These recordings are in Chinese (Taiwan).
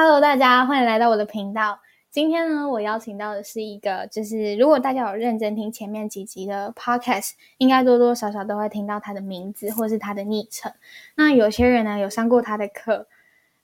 Hello，大家歡迎來到我的頻道。今天呢，我邀請到的是一個，就是如果大家有認真聽前面幾集的 Podcast，應該多多少少都會聽到他的名字或是他的昵稱。那有些人呢有上過他的課，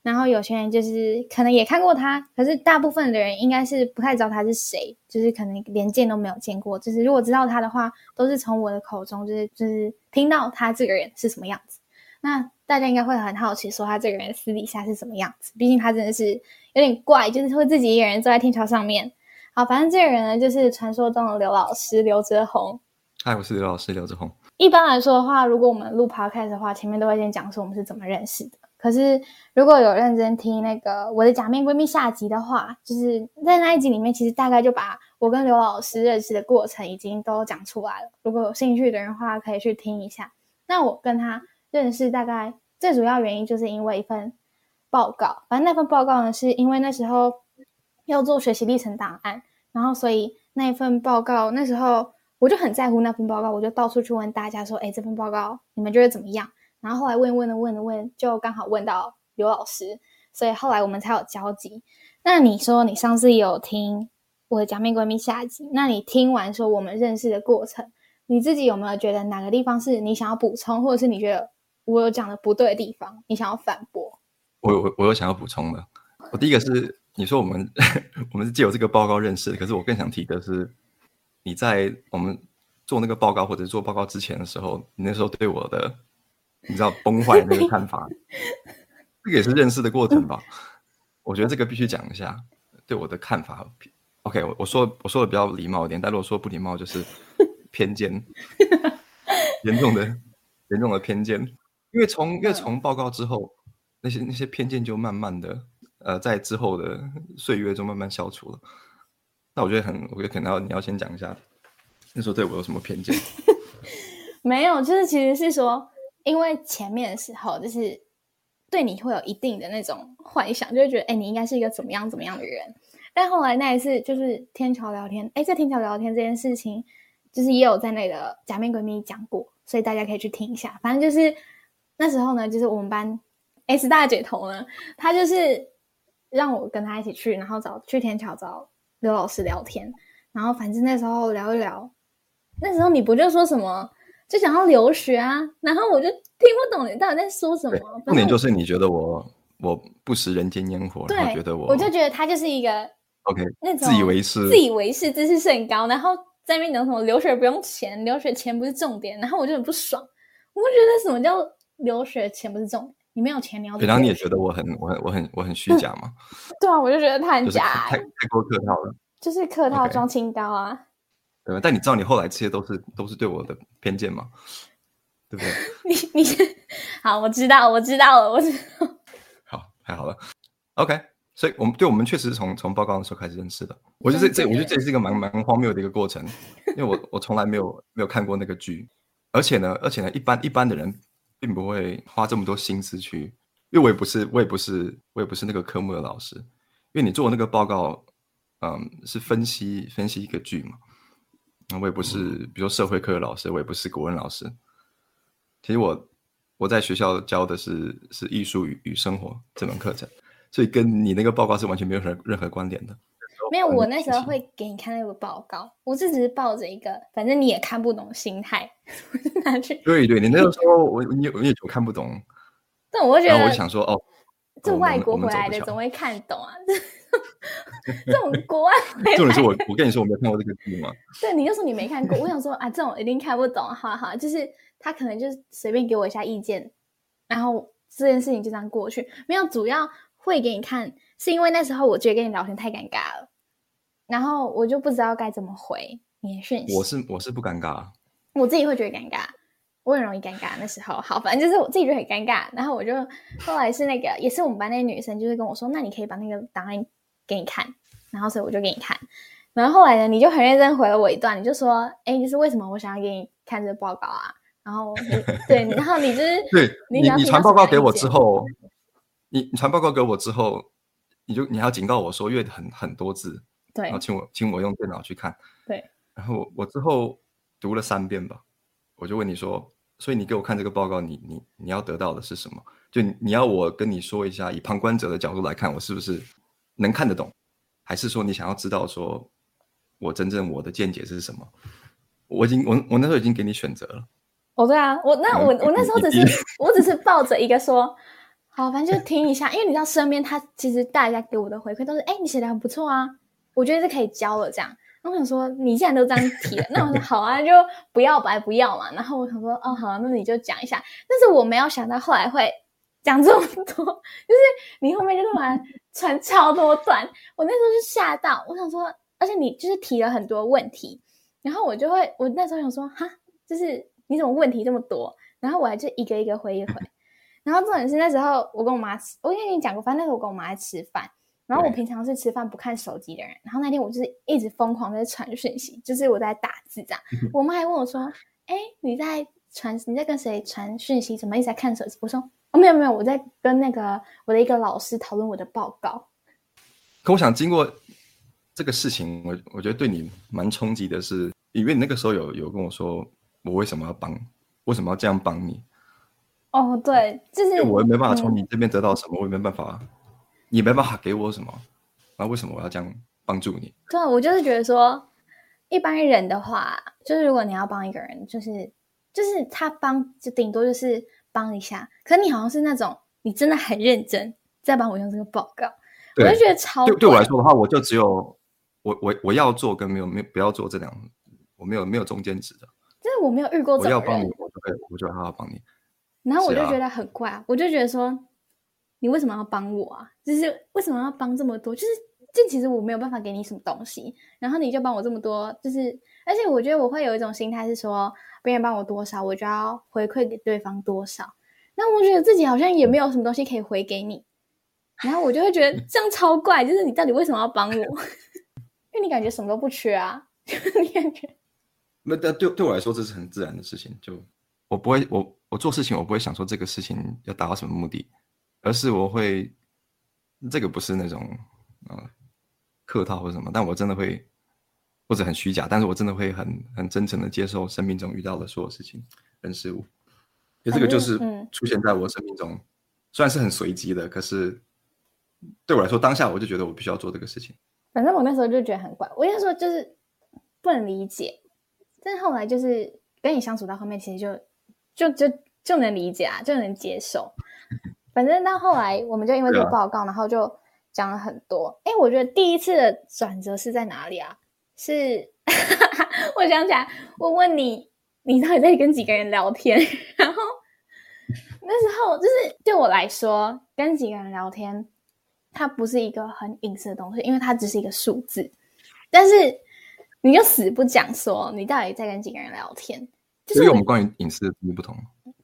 然後有些人就是可能也看過他，可是大部分的人應該是不太知道他是誰，就是可能連見都沒有見過。就是如果知道他的話，都是從我的口中，就是就是聽到他這個人是什麼樣子。那大家應該會很好奇，說他這個人私底下是什麼樣子？畢竟他真的是有點怪，就是會自己一個人坐在天橋上面。好，反正這個人呢，就是傳說中的劉老師劉澤宏。嗨、啊，我是劉老師劉澤宏。一般來說的話，如果我們錄 podcast 的話，前面都會先講說我們是怎麼認識的。可是如果有認真聽那個我的假面閨蜜下集的話，就是在那一集裡面，其實大概就把我跟劉老師認識的過程已經都講出來了。如果有興趣的人的話，可以去聽一下。那我跟他。認識大概最主要原因就是因為一份報告。反正那份報告呢，是因為那時候要做學習歷程檔案，然後所以那一份報告，那時候我就很在乎那份報告。我就到處去問大家說：“誒、欸，這份報告你們覺得怎麼樣？”然後後來問問的問的問，就剛好問到劉老師，所以後來我們才有交集。那你說你上次有聽我的假面閨蜜下一集，那你聽完說我們認識的過程，你自己有沒有覺得哪個地方是你想要補充，或者是你覺得我有講的不對的地方，你想要反駁？我有我我有想要補充的。我第一個是你說我們我們是藉由這個報告認識的，可是我更想提的是，你在我們做那個報告或者做報告之前的時候，你那時候對我的，你知道崩壞那個看法， 這個也是認識的過程吧？ 我覺得這個必須講一下對我的看法。OK，我說我說我說的比較禮貌一點，但如果說不禮貌，就是偏見，嚴 重的嚴重的偏見。因為從因為從報告之後，嗯、那些那些偏見就慢慢的，呃，在之後的歲月中慢慢消除了。那我覺得很，我覺得可能要你要先講一下，你、就是、說對我有什麼偏見？ 沒有，就是其實是說，因為前面的時候，就是對你會有一定的那種幻想，就是覺得哎、欸，你應該是一個怎麼樣怎麼樣的人。但後來那一次就是天橋聊天，哎、欸，在天橋聊天這件事情，就是也有在那個假面閨蜜講過，所以大家可以去聽一下，反正就是。那時候呢，就是我們班 S 大姐頭呢，她就是讓我跟她一起去，然後找去天橋找劉老師聊天，然後反正那時候聊一聊。那時候你不就說什麼就想要留學啊？然後我就聽不懂你到底在說什麼。重點就是你覺得我我不食人間煙火，然後覺得我我就覺得他就是一個 OK 那種自以為是、自以為是、自視甚高，然後在那邊等什麼留學不用錢，留學錢不是重點，然後我就很不爽，我就覺得什麼叫？留學前不是重，你沒有錢，你要怎然後你也覺得我很、我很、我很、我很虛假嗎、嗯？對啊，我就覺得太假，就是、太太過客套了，就是客套裝清高啊。Okay、對吧，但你知道你後來這些都是都是對我的偏見嗎？對不對？ 你你好，我知道，我知道了，我知道好，太好了。OK，所以我們對我們確實是從從報告的時候開始認識的。啊、我覺得這我覺得這是一個蠻蠻荒謬的一個過程，因為我我從來沒有沒有看過那個劇， 而且呢而且呢一般一般的人。並不會花這麼多心思去，因為我也不是，我也不是，我也不是那個科目的老師。因為你做的那個報告，嗯，是分析分析一個劇嘛？我也不是，比如說社會科的老師，我也不是國文老師。其實我我在學校教的是是藝術與與生活這門課程，所以跟你那個報告是完全沒有任任何關聯的。沒有，我那時候會給你看那個報告。嗯、我是只是抱着一個，反正你也看不懂心態，我就拿去，對對，你那個時候我你你也， 我也，我也看不懂。但我覺得，然後我想說，哦，這外國回來的總會看懂啊。 這種國外回來這種 是我我跟你說我沒有看過這個字嗎？ 對，你就說你沒看過。我想說啊，這種一定看不懂。好、啊、好、啊、就是他可能就是隨便給我一下意見，然後這件事情就這樣過去。沒有，主要會給你看，是因為那時候我覺得跟你聊天太尷尬了。然後我就不知道該怎麼回你的訊息。我是我是不尷尬，我自己會覺得尷尬，我很容易尷尬。那時候好，反正就是我自己覺得很尷尬。然後我就後來是那個也是我們班那女生，就是跟我說， 那你可以把那個檔案給你看。然後所以我就給你看。然後後來呢，你就很認真回了我一段，你就說，哎，就是為什麼我想要給你看這個報告啊？然後對， 然後你就是對，你你，你傳報告給我之後，你你傳報告給我之後，你就你還要警告我說，因為很很多字。對，然後請我，請我用電腦去看。對。然後我，我之後讀了三遍吧，我就問你說：“所以你給我看這個報告，你你你要得到的是什麼？就你要我跟你說一下，以旁觀者的角度來看，我是不是能看得懂？還是說你想要知道說我真正我的見解是什麼？我已經我我那時候已經給你選擇了。哦，對啊，我那我、嗯、我那時候只是我只是抱着一個說， 好，反正就聽一下，因為你知道身邊他其實大家給我的回饋都是，哎，你寫得很不錯啊。”我覺得是可以教了這樣，那我想說你現在都這樣提了，那我說好啊，就不要白不要嘛。然後我想說，哦，好啊，那你就講一下。但是我沒有想到後來會講這麼多，就是你後面就是突然傳超多段，我那時候就嚇到，我想說，而且你就是提了很多問題，然後我就會，我那時候想說，哈，就是你怎麼問題這麼多？然後我還是一個一個回一回。然後重點是那時候我跟我媽吃，我應該跟你講過，反正那時候我跟我媽在吃飯。然後我平常是吃飯不看手機的人，然後那天我就是一直瘋狂在傳訊息，就是我在打字這樣。我媽還問我說：“哎， 你在傳？你在跟誰傳訊息？怎麼一直在看手機？”我說：“哦，沒有沒有，我在跟那個我的一個老師討論我的報告。”可我想經過這個事情，我我覺得對你蠻衝擊的是，因為你那個時候有有跟我說，我為什麼要幫，我為什麼要這樣幫你？哦，對，就是我也沒辦法從你這邊得到什麼，嗯，我也沒辦法。你沒辦法給我什麼，那為什麼我要這樣幫助你？對啊，我就是覺得說，一般人的話，就是如果你要幫一個人，就是就是他幫，就頂多就是幫一下。可你好像是那種，你真的很認真在幫我用這個報告，我就覺得超。對，對我來說的話，我就只有我我我要做跟沒有沒有不要做這兩，我沒有沒有中間值的。就是我沒有遇過這種人。我要幫你，我就會我就好好幫你。然後我就覺得很怪，啊，我就覺得說。你為什麼要幫我啊？就是為什麼要幫這麼多？就是這其實我沒有辦法給你什麼東西，然後你就幫我這麼多，就是而且我覺得我會有一種心態是說，別人幫我多少，我就要回饋給對方多少。那我覺得自己好像也沒有什麼東西可以回給你，然後我就會覺得 這樣超怪。就是你到底為什麼要幫我？ 因為你感覺什麼都不缺啊，你感覺那對對對我來說這是很自然的事情。就我不會，我我做事情我不會想說這個事情要達到什麼目的。而是我會，這個不是那種啊、呃、客套或什麼，但我真的會，或者很虛假，但是我真的會很很真誠的接受生命中遇到的所有事情、人事物。就這個就是出現在我生命中、嗯，雖然是很隨機的，可是對我來說，當下我就覺得我必須要做這個事情。反正我那時候就覺得很怪，我那時候就是不能理解，但是後來就是跟你相處到後面，其實就就就就，就能理解啊，就能接受。反正到後來，我們就因為做報告，啊、然後就講了很多。哎、欸，我覺得第一次的轉折是在哪裡啊？是 我想起來，我問你，你到底在跟幾個人聊天？然後那時候，就是對我來說，跟幾個人聊天，它不是一個很隱私的東西，因為它只是一個數字。但是你又死不講，說你到底在跟幾個人聊天？就是、所以我們關於隱私的不同。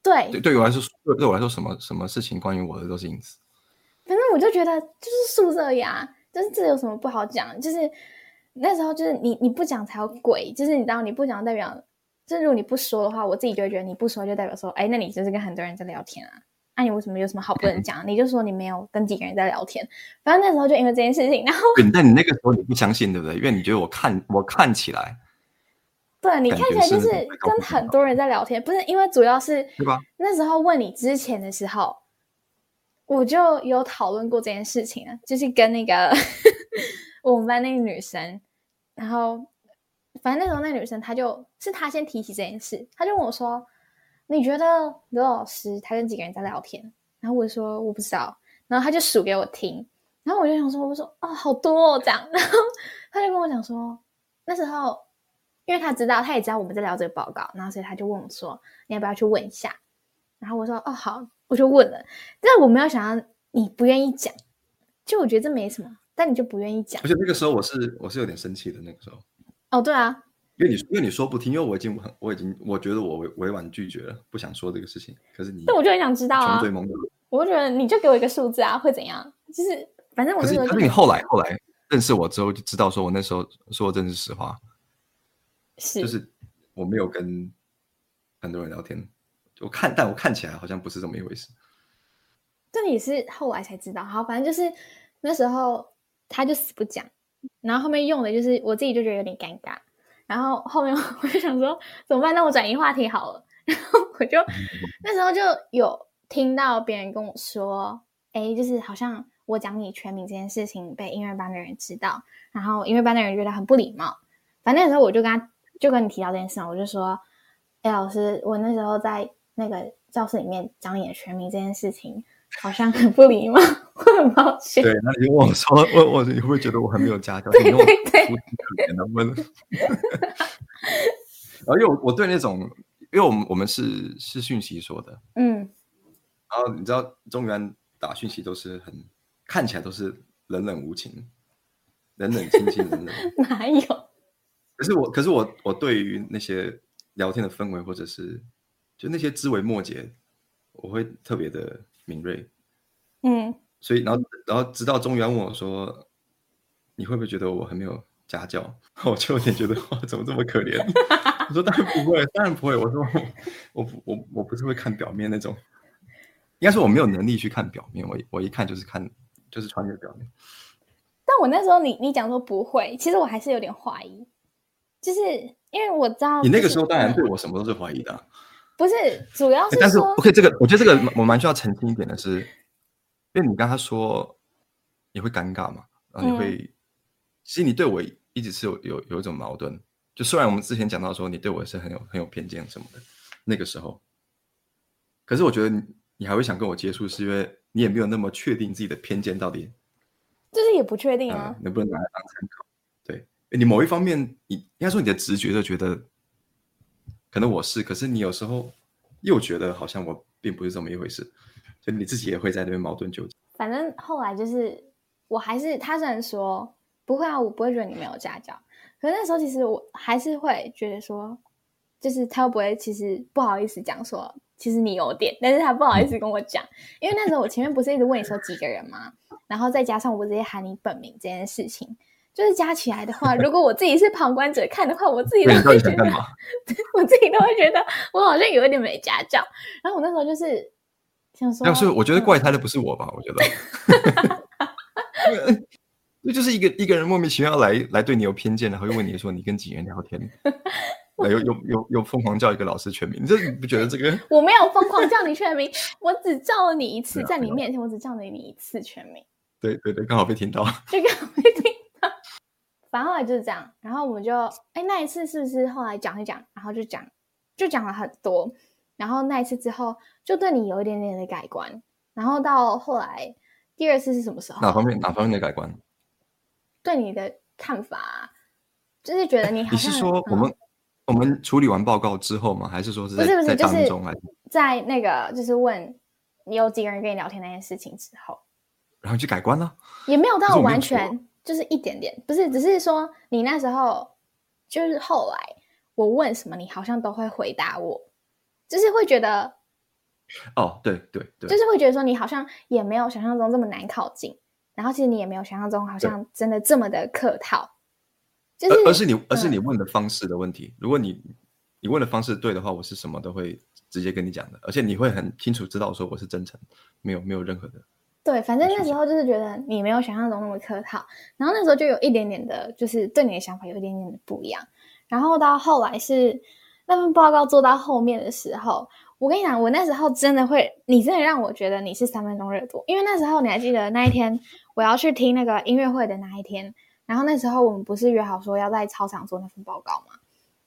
對，對對我來說，對我來說，什麼什麼事情關於我的都是隱私。反正我就覺得就是宿舍呀，就是這有什麼不好講？就是那時候就是你你不講才有鬼，就是你知道你不講代表，就是、如果你不說的話，我自己就會覺得你不說就代表說，哎，那你就是跟很多人在聊天啊？那、啊、你為什麼有什麼好多人講、嗯？你就說你沒有跟幾個人在聊天。反正那時候就因為這件事情，然後，但你那個時候你不相信，對不對？因為你覺得我看我看起來。對，你看起來就是跟很多人在聊天，不是因為主要是那時候問你之前的時候，我就有討論過這件事情啊，就是跟那個 我們班那個女生，然後反正那時候那個女生她就是她先提起這件事，她就問我說：“你覺得劉老師他跟幾個人在聊天？”然後我就說：“我不知道。”然後她就數給我聽，然後我就想說：“我說哦，好多哦，這樣。”然後她就跟我講說：“那時候。”因為他知道，他也知道我們在聊這個報告，然後所以他就問我說：“你要不要去問一下？”然後我說：“哦，好，我就問了。”但我沒有想到你不願意講，就我覺得這沒什麼，但你就不願意講。而且那個時候我是我是有點生氣的那個時候。哦，對啊，因為你說因為你說不聽，因為我已經很我已經我覺得我委婉拒絕了，不想說這個事情。可是你，那我就很想知道啊，窮追猛打，我就覺得你就給我一個數字啊，會怎樣？就是反正我是可是你後來後來認識我之後就知道，說我那時候說的真是實話。是，就是我沒有跟很多人聊天，我看，但我看起來好像不是這麼一回事。這你是後來才知道，好，反正就是那時候他就死不講，然後後面用的就是我自己就覺得有點尷尬，然後後面我就想說怎麼辦？那我轉移話題好了。然後我就那時候就有聽到別人跟我說，哎， 就是好像我講你全名這件事情被音樂班的人知道，然後音樂班的人覺得很不禮貌。反正那時候我就跟他。就跟你提到這件事情，我就說，哎、欸，老師，我那時候在那個教室裡面講演全名這件事情，好像很不禮貌，我很抱歉。對，那你我說，我我你會不會覺得我很沒有家教？ 對對對，我挺可憐的。然後因為我我對那種，因為我們我們是是訊息說的，嗯。然後你知道中原打訊息都是很看起來都是冷冷無情，冷冷清清，冷冷 哪有？可是我，可是我，我對於那些聊天的氛圍，或者是就那些枝微末節，我會特別的敏銳。嗯，所以然後，然後直到中原問我說：“你會不會覺得我很沒有家教？”我就有點覺得，哇，怎麼這麼可憐？ 我說：“當然不會，當然不會。”我說：“我，我，我我不是會看表面那種，應該說我沒有能力去看表面。我我一看就是看，就是穿越表面。但我那時候你，你你講說不會，其實我還是有點懷疑。”就是因為我知道你那個時候當然對我什麼都是懷疑的、啊，不是主要是。但是 OK，這個我覺得這個我蠻需要澄清一點的是，因為你剛剛說你會尷尬嘛，然後你會、嗯，其實你對我一直是有有有一種矛盾。就雖然我們之前講到說你對我是很有很有偏見什麼的，那個時候，可是我覺得你還會想跟我接觸，是因為你也沒有那麼確定自己的偏見到底，就是也不確定啊，能、呃、不能拿來當參考？你某一方面，你應該說你的直覺就覺得，可能我是，可是你有時候又覺得好像我並不是這麼一回事，就你自己也會在那邊矛盾糾結。反正後來就是，我還是他雖然說不會啊，我不會覺得你沒有家教，可是那時候其實我還是會覺得說，就是他又不會，其實不好意思講說，其實你有點，但是他不好意思跟我講， 因為那時候我前面不是一直問你說幾個人嗎？ 然後再加上我不是直接喊你本名這件事情。就是加起來的話，如果我自己是旁觀者看的話， 我自己都會覺得， 我自己都會覺得我好像有一點沒家教。然後我那時候就是想說，要是我覺得怪胎的不是我吧？ 我覺得，那 就是一個一個人莫名其妙要來來對你有偏見，然後又問你說你跟幾言聊天， 有有有瘋狂叫一個老師全名，你就不覺得這個？我沒有瘋狂叫你全名 我你、啊你，我只叫了你一次，在你面前我只叫了你一次全名。對對對，剛好被聽到。這個被聽。反正後，後來就是這樣，然後我們就哎，那一次是不是後來講一講，然後就講，就講了很多，然後那一次之後就對你有一點點的改觀，然後到後來第二次是什麼時候？哪方面哪方面的改觀？對你的看法，就是覺得你好、哎、你是說我們、嗯、我們我們處理完報告之後嗎？還是說是在不是不是在當中還是、就是、在那個就是問你有幾個人跟你聊天那件事情之後，然後就改觀了？也沒有到完全。就是一點點，不是，只是說你那時候，就是後來我問什麼，你好像都會回答我，就是會覺得，哦，對對對，就是會覺得說你好像也沒有想象中這麼難靠近，然後其實你也沒有想象中好像真的這麼的客套，就是，而，而是你，嗯，而是你問的方式的問題，如果你你問的方式對的話，我是什麼都會直接跟你講的，而且你會很清楚知道說我是真誠，沒有沒有任何的。對，反正那時候就是覺得你沒有想象中那麼客套，然後那時候就有一點點的，就是對你的想法有一點點的不一樣。然後到後來是那份報告做到後面的時候，我跟你講，我那時候真的會，你真的讓我覺得你是三分鐘熱度，因為那時候你還記得那一天我要去聽那個音樂會的那一天，然後那時候我們不是約好說要在操場做那份報告嗎？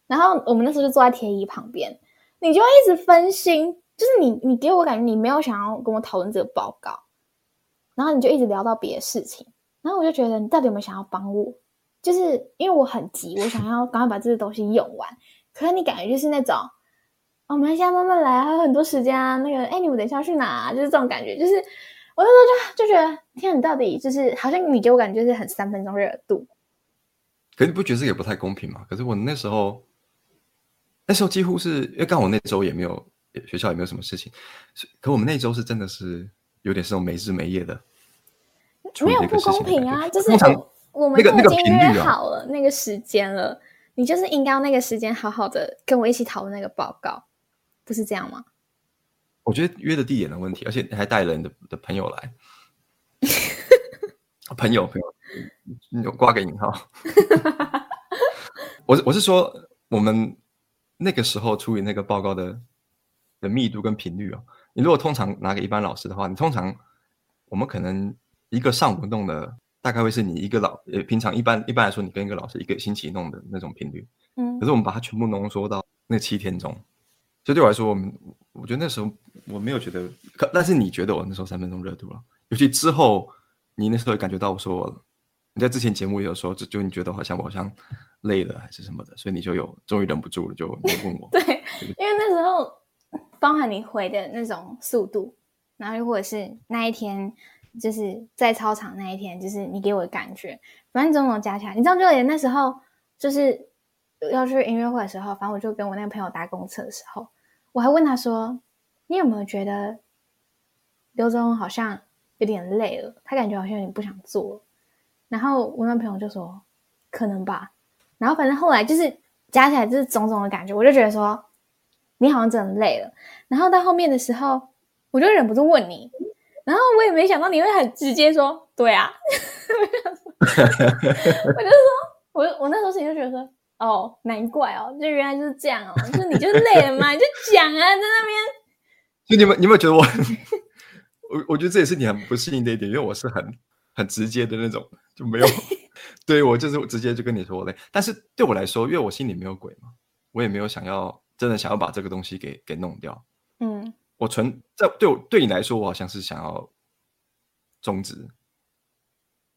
然後我們那時候就坐在鐵椅旁邊，你就一直分心，就是你，你給我感覺你沒有想要跟我討論這個報告。然後你就一直聊到別的事情，然後我就覺得你到底有沒有想要幫我？就是因為我很急，我想要趕快把這些東西用完。 可是你感覺就是那種，我們現在慢慢來，還有很多時間啊。那個，哎，你們等一下去哪？就是這種感覺。就是我那時候就就，就覺得，天吶，你到底就是好像你給我感覺就是很三分鐘熱度。可你不覺得這也不太公平嗎？可是我那時候，那時候幾乎是，因為剛好那時候也沒有學校也沒有什麼事情，可我們那週是真的是。有點是種沒日沒夜的，的，沒有不公平啊！就是、那個那個頻率啊、我們已經約好了那個時間了，你就是應該要那個時間好好的跟我一起討論那個報告，不是這樣嗎？我覺得約的地點的問題，而且還帶了你的的朋友來，朋 友朋友，有掛個引號。我 我，是我是說，我們那個時候處理那個報告的的密度跟頻率啊、哦。你如果通常拿給一般老師的話，你通常我們可能一個上午弄的，大概會是你一個老呃，平常一般一般來說，你跟一個老師一個星期弄的那種頻率，嗯，可是我們把它全部濃縮到那七天中，所以對我來說，我們我覺得那時候我沒有覺得可，但是你覺得我那時候三分鐘熱度了，尤其之後你那時候也感覺到我說我你在之前節目有說就就你覺得好像我好像累了還是什麼的，所以你就有終於忍不住了，就就問我 對、就是，因為那時候。包含你回的那種速度，然後又或者是那一天就是在操場那一天，就是你給我的感覺，反正種種加起來，你知道，就連那時候就是要去音樂會的時候，反正我就跟我那個朋友搭公車的時候，我還問他說：“你有沒有覺得劉宗好像有點累了？他感覺好像有點不想做。”然後我那朋友就說：“可能吧。”然後反正後來就是加起來就是種種的感覺，我就覺得說。你好像真的累了，然後到後面的時候，我就忍不住問你，然後我也沒想到你會很直接說，對啊， 我就說，我我那時候就就覺得說，哦，難怪哦，就原來就是這樣哦，說、就是、你就累了嘛， 你就講啊，在那邊，就你們有沒有覺得我，我我覺得這也是你很不適應的一點，因為我是很很直接的那種，就沒有 對我就是直接就跟你說我累，但是對我來說，因為我心裡沒有鬼嘛，我也沒有想要。真的想要把這個東西給給弄掉，嗯，我存在對我對你來說，我好像是想要終止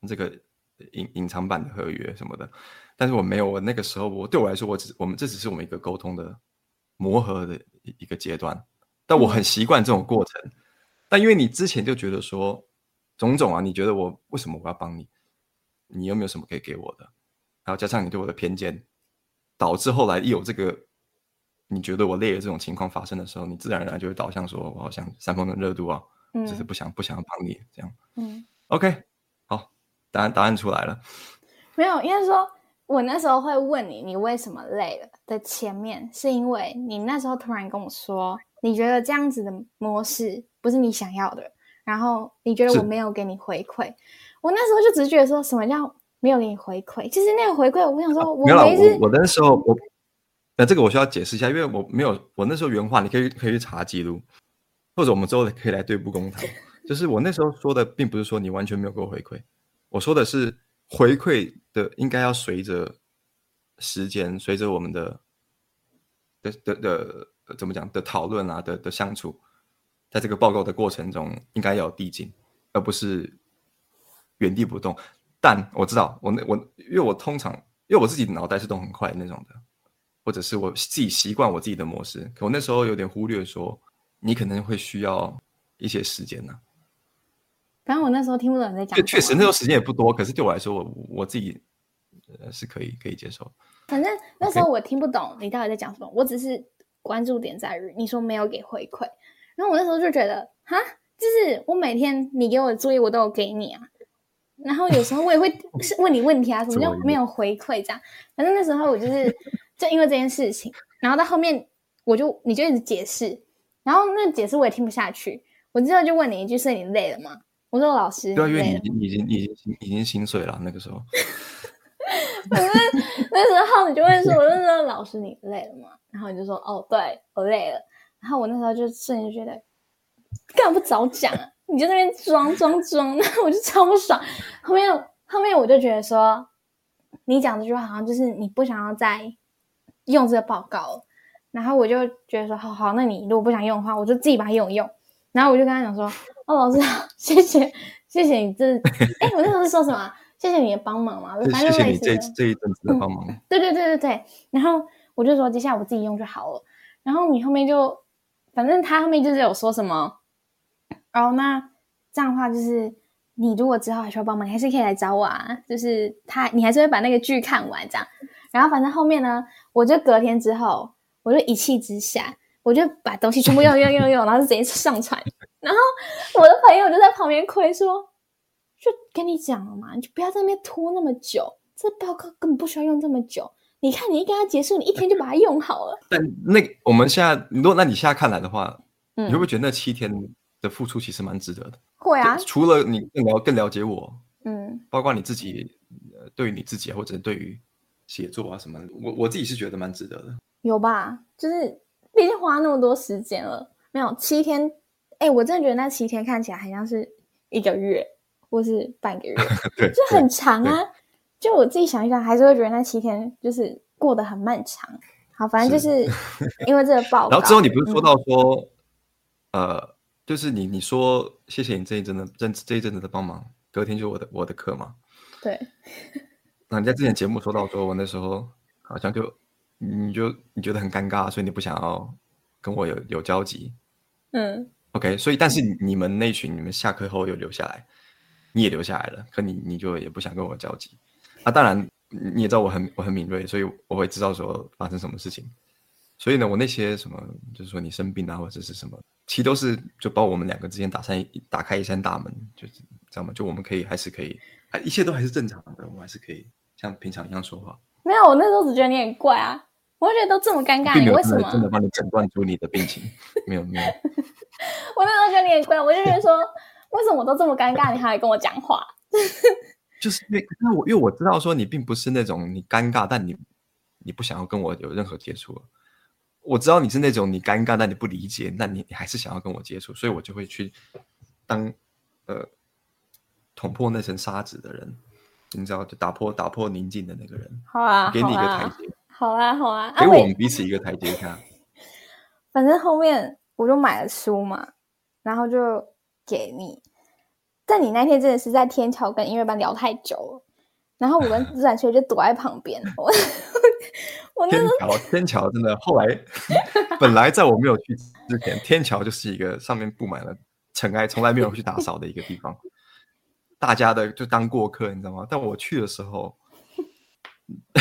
這個隱隱藏版的合約什麼的，但是我沒有，我那個時候我對我來說，我只我們這只是我們一個溝通的磨合的一個階段，但我很習慣這種過程。但因為你之前就覺得說種種啊，你覺得我為什麼我要幫你？你有沒有什麼可以給我的？然後加上你對我的偏見，導致後來一有這個。你覺得我累了這種情況發生的時候，你自然而然就會導向說：“我好像三分鐘熱度啊，就、嗯、是不想不想要幫你這樣。嗯”嗯，OK，好，答案答案出來了。沒有，因為說我那時候會問你，你為什麼累了的前面，是因為你那時候突然跟我說，你覺得這樣子的模式不是你想要的，然後你覺得我沒有給你回饋，我那時候就直覺得說什麼叫沒有給你回饋，其、就、實、是、那個回饋，我想說，啊、沒有我沒我我那時候我。那這個我需要解釋一下，因為我沒有我那時候原話，你可以可以去查記錄，或者我們之後可以來對簿公堂。就是我那時候說的，並不是說你完全沒有給我回饋，我說的是回饋的應該要隨着時間，隨着我們的的的的怎麼講的討論啊，的的相處，在這個報告的過程中應該要遞進，而不是原地不動。但我知道我我，因為我通常因為我自己的腦袋是動很快那種的。或者是我自己習慣我自己的模式，可我那時候有點忽略說，你可能會需要一些時間呢、啊。反正我那時候聽不懂你在講、啊。確實那時候時間也不多，可是對我來說，我我自己呃是可以可以接受。反正那時候我聽不懂你到底在講什麼，okay. 我只是關注點在於你說沒有給回饋，然後我那時候就覺得哈，就是我每天你給我的作業我都有給你啊，然後有時候我也會是問你問題啊，什 麼叫沒有回饋這樣？反正那時候我就是。 就因為這件事情，然後到後面我就你就一直解釋，然後那個解釋我也聽不下去，我之後就問你一句：是你累了嗎？我說我老師，對，因為你已經已經已經已經心碎了。那個時候，我 那時候你就會說： 我就說老師，你累了嘛？ 然後你就說：哦，對，我累了。然後我那時候就瞬間覺得，干嘛不早講啊？你就在那邊裝裝裝，那 我就超不爽。後面後面我就覺得說，你講這句話好像就是你不想要在。用這個報告，然後我就覺得說，好好，那你如果不想用的話，我就自己把它用一用。然後我就跟他講說，哦，老師，謝謝謝謝你這，哎， 我那時候是說什麼？謝謝你的幫忙嘛。反正謝謝你這這一陣子的幫忙、嗯。對對對對對。然後我就說，接下來我自己用就好了。然後你後面就，反正他後面就是有說什麼，然後那這樣的話就是，你如果之後還需要幫忙，你還是可以來找我啊。就是他，你還是會把那個劇看完這樣。然後反正後面呢。我就隔天之後，我就一氣之下，我就把東西全部用用用用， 然後就直接上傳。然後我的朋友就在旁邊虧說：“就跟你講了嘛，你就不要在那邊拖那麼久，這報告根本不需要用這麼久。你看，你一跟他結束，你一天就把它用好了。”但那個、我們現在，如果那你現在看來的話，嗯、你會不會覺得那七天的付出其實蠻值得的？會啊，除了你更了更了解我，嗯，包括你自己，呃、對於你自己或者對於。寫作啊什麼的，我我自己是覺得蠻值得的。有吧？就是畢竟花那麼多時間了，沒有七天。哎、欸，我真的覺得那七天看起來好像是一個月或是半個月， 就很長啊。就我自己想一想，還是會覺得那七天就是過得很漫長。好，反正就是因為這個報告。是 然後之後你不是說到說，嗯、呃，就是你你說謝謝你這一陣子、這這一陣子的幫忙。隔天就是我的我的課嘛。對。那、啊、你在之前節目說到說，我那時候好像就，你就你覺得很尷尬，所以你不想要跟我有有交集，嗯，OK，所以但是你們那群，你們下課後又留下來，你也留下來了，可你你就也不想跟我交集，啊，當然你也知道我很我很敏銳，所以我會知道說發生什麼事情，所以呢，我那些什麼就是說你生病啊或者是什麼，其實都是就把我們兩個之間打扇打開一扇大門，就是這樣嘛，就我們可以還是可以。啊，一切都還是正常的，我還是可以像平常一樣說話。沒有，我那時候只覺得你很怪啊，我覺得都這麼尷尬，你為什麼能真的幫你診斷出你的病情？沒有，沒有。 我那時候覺得你很怪，我就覺得說， 為什麼我都這麼尷尬，你還來跟我講話？就是因為，因為我因為我知道說你並不是那種你尷尬但你你不想要跟我有任何接觸、啊。我知道你是那種你尷尬但你不理解，那你你還是想要跟我接觸，所以我就會去當呃。捅破那層沙子的人，你知道，就打破打破寧靜的那個人。好啊，給你一個台階。好啊，好啊，好啊，給我們彼此一個台階下、啊。反正後面我就買了書嘛，然後就給你。但你那天真的是在天橋跟音樂班聊太久了，然後我跟自然學姐就躲在旁邊。啊、我，我天橋天橋真的，後來 本來在我沒有去之前，天橋就是一個上面布滿了塵埃，從來沒有去打掃的一個地方。 大家的就當過客，你知道嗎？但我去的時候，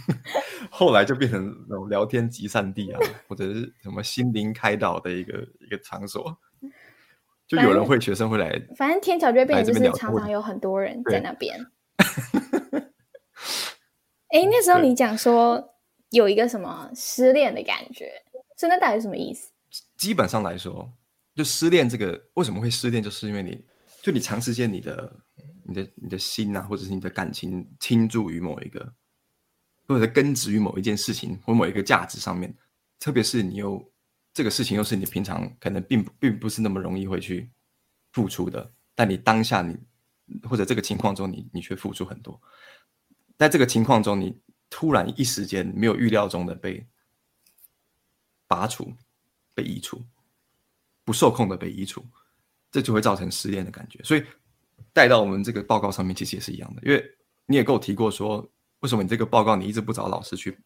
後來就變成那種聊天集散地啊， 或者是什麼心靈開導的一個一個場所。就有人會，學生會來，反正天橋這邊也就是常常有很多人在那邊。哎、 欸，那時候你講說有一個什麼失戀的感覺，真的到底什麼意思？基本上來說，就失戀這個為什麼會失戀，就是因為你。就你長時間你的你的你的心吶、啊，或者是你的感情傾注於某一個，或者根植於某一件事情或某一個價值上面，特別是你又這個事情又是你平常可能並並不是那麼容易會去付出的，但你當下你或者這個情況中你你卻付出很多，在這個情況中你突然一時間沒有預料中的被拔除，被移除，不受控的被移除。這就會造成失戀的感覺，所以帶到我們這個報告上面，其實也是一樣的。因為你也跟我提過，說為什麼你這個報告你一直不找老師去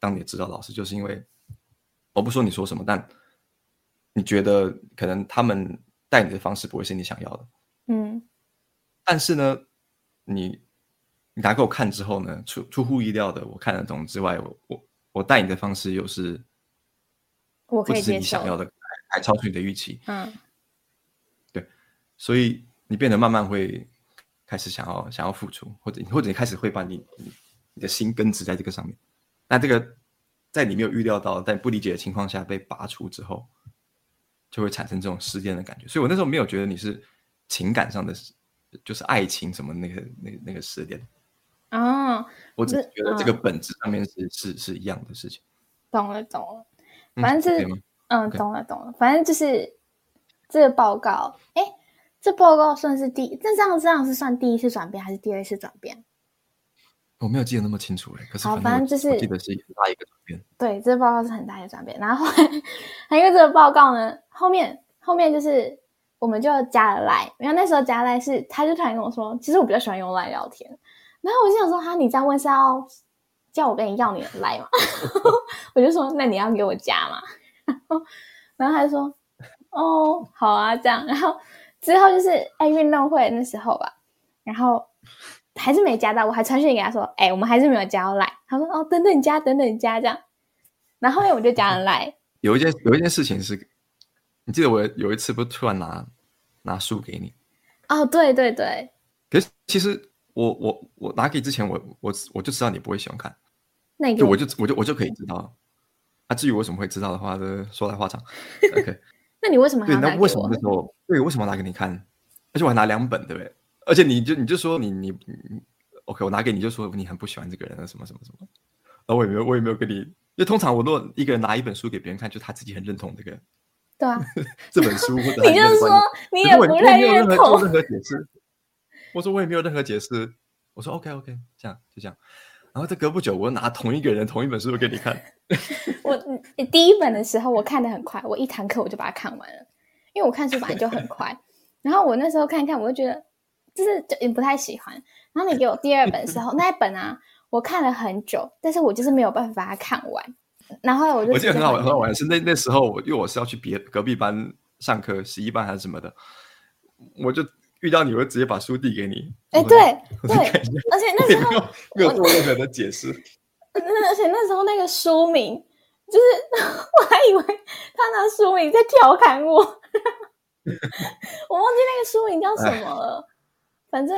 當你的指導老師，就是因為我不說你說什麼，但你覺得可能他們帶你的方式不會是你想要的，嗯。但是呢，你你拿給我看之後呢，出出乎意料的，我看得懂之外，我我我帶你的方式又是，不只是你想要的，還超出你的預期，嗯。所以你變得慢慢會開始想要想要付出，或者或者你開始會把你你的心根植在這個上面。那這個在你沒有預料到，在不理解的情況下被拔除之後，就會產生這種失戀的感覺。所以我那時候沒有覺得你是情感上的就是愛情什麼那個那那個失戀。啊、哦，我只是覺得這個本質上面是，哦、是是一樣的事情。懂了懂了，反正是嗯、、okay、嗯，懂了懂了，反正就是這個報告，哎、欸。這報告算是第一，這這樣這樣是算第一次轉變還是第二次轉變？我沒有記得那麼清楚哎、欸。好，反正就是我記得是一個大一個轉變。對，這個報告是很大一個轉變。然後後來，因為這個報告呢，後面後面就是我們就要加了賴。然後那時候加賴是，他就突然跟我說：“其實我比較喜歡用賴聊天。”然後我就想說：“哈、啊，你這樣問是要叫我跟你要你的賴嗎？” 我就說：“那你要給我加嘛？”然後，然後他就說：“哦，好啊，這樣。”然後。之後就是哎，運、欸、動會那時候吧，然後還是沒加到，我還傳訊給他說，哎、欸，我們還是沒有加到賴。他說哦，等等加，等等加這樣。那後面、欸、我就加了賴。有一件有一件事情是，你記得我有一次不是突然拿拿書給你？哦、oh,，對對對。可是其實我我我拿給你之前我我我就知道你不會喜歡看，那個，我就我就我就，我就可以知道、嗯。啊，至於我怎麼會知道的話，就說來話長。OK。 那你為什麼？對，那為什麼那時候？對，為什麼拿給你看？而且我還拿兩本，對不對？而且你就你就說你你你，OK，我拿給你就說你很不喜歡這個人，什麼什麼什麼。那我也沒有我也沒有跟你，因為通常我如果一個人拿一本書給別人看，就他自己很認同這個，對啊， 這本書或者 你認為，說你也不認同我沒有任何，做任何解釋。我說我也沒有任何解釋。我說 OK OK，這樣就這樣。然後這隔不久，我拿同一個人、同一本書給你看。 我第一本的時候，我看的很快，我一堂課我就把它看完了，因為我看書本來就很快。 然後我那時候看一看，我就覺得是就是就也不太喜歡。然後你給我第二本的時候， 那一本啊，我看了很久，但是我就是沒有辦法把它看完。然後我就我記得很好玩，很好玩是那那時候我因為我是要去別隔壁班上課，十一班還是什麼的，我就。遇到你會直接把書遞給你，哎、欸，對對， 而且那時候沒有做任何的解釋， 而且那時候那個書名，就是 我還以為他拿書名在調侃我， 我忘記那個書名叫什麼了。反正，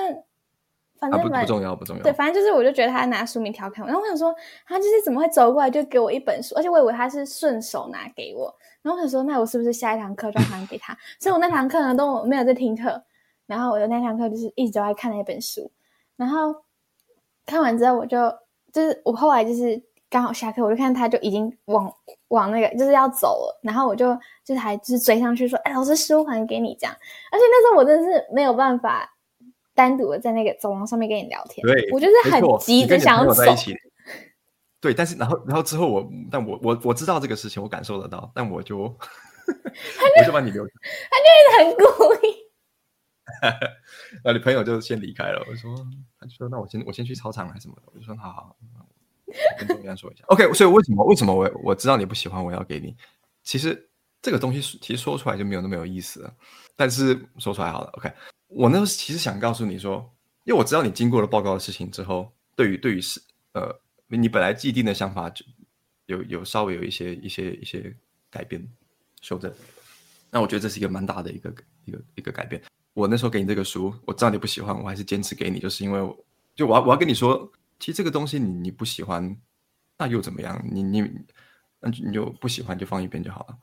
反正反正，啊、不，不重要不重要，對，反正就是我就覺得他在拿書名調侃我。然後我想說，他就是怎麼會走過來就給我一本書，而且我以為他是順手拿給我。然後我想說，那我是不是下一堂課再還給他？ 所以我那堂課呢都沒有在聽課。然後我的那堂課就是一直都在看那本書，然後看完之後我就就是我後來就是剛好下課，我就看他就已經往往那個就是要走了，然後我就就是還就是追上去說：“哎，老師，書還給你這樣。”而且那時候我真的是沒有辦法單獨的在那個走廊上面跟你聊天，對，我就是很急着想要走你你在一起。對，但是然後然後之後我但我我我知道這個事情，我感受得到，但我就他就， 他就把你留下，他就很故意。哈哈，那你朋友就先離開了。我說，他說：“那我先，我先去操場還是什麼的。”我就說：“好，好好我跟中央說一下。 ” OK，所以為什麼，為什麼我我知道你不喜歡我要給你？其實這個東西其實說出來就沒有那麼有意思了，但是說出來好了。OK，我那時候其實想告訴你說，因為我知道你經過了報告的事情之後，對於對於是呃，你本來既定的想法就有有稍微有一些一些一些改變修正。那我覺得這是一個蠻大的一個一個一個改變。我那時候給你這個書，我知道你不喜歡，我還是堅持給你，就是因為我，就我要我要跟你說，其實這個東西你你不喜歡，那又怎麼樣？你你，那你就不喜歡就放一邊就好了。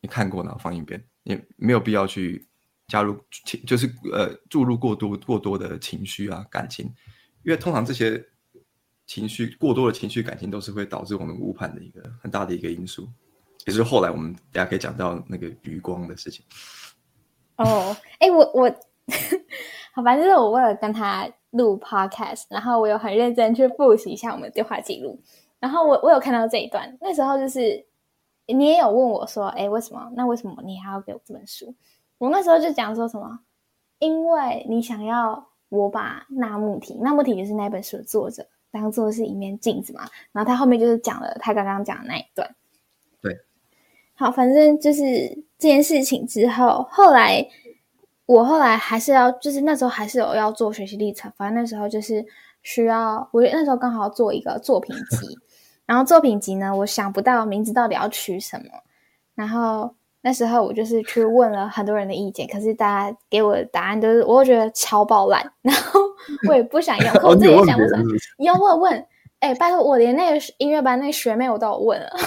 你看過然後放一邊，也沒有必要去加入情，就是呃注入過多過多的情緒啊感情，因為通常這些情緒過多的情緒感情都是會導致我們誤判的一個很大的一個因素，也就是後來我們大家可以講到那個餘光的事情。哦，哎，我我，好吧，就是我為了跟他錄 podcast，然後我有很認真去複習一下我們的對話記錄，然後我我有看到這一段。那時候就是你也有問我說，哎、欸，為什麼？那為什麼你還要給我這本書？我那時候就講說什麼？因為你想要我把納木提，納木提就是那本書的作者，當做是一面鏡子嘛。然後他後面就是講了他剛剛講的那一段。好，反正就是這件事情之後，後來我後來還是要，就是那時候還是有要做學習歷程。反正那時候就是需要，我那時候剛好做一個作品集，然後作品集呢，我想不到名字到底要取什麼。然後那時候我就是去問了很多人的意見，可是大家給我的答案都是，我覺得超爆爛。然後我也不想用，可我自己也想不出來， 要問問，哎、欸，拜託，我連那個音樂班那個學妹我都有問啊。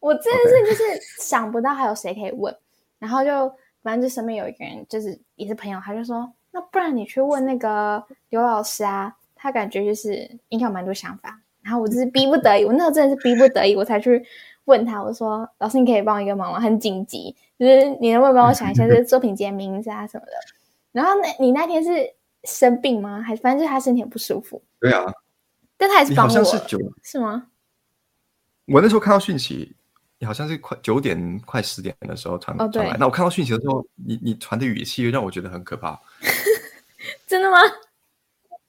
我真的是就是想不到還有誰可以問，okay. 然後就反正就身邊有一個人，就是也是朋友，他就說：“那不然你去問那個劉老師啊。”他感覺就是應該有蠻多想法。然後我就是逼不得已， 我那時候真的是逼不得已，我才去問他。我說：“老師，你可以幫我一個忙嗎？很緊急，就是你能不能幫我想一下這個作品集名字啊什麼的？” 然後那你那天是生病嗎？還是反正就是他身體很不舒服？對啊，但他還是幫好像是久了我了。是嗎？我那時候看到訊息。你好像是快九點快十點的時候傳過、oh, 對,來，那我看到訊息的時候，你你傳的語氣讓我覺得很可怕。 真的嗎？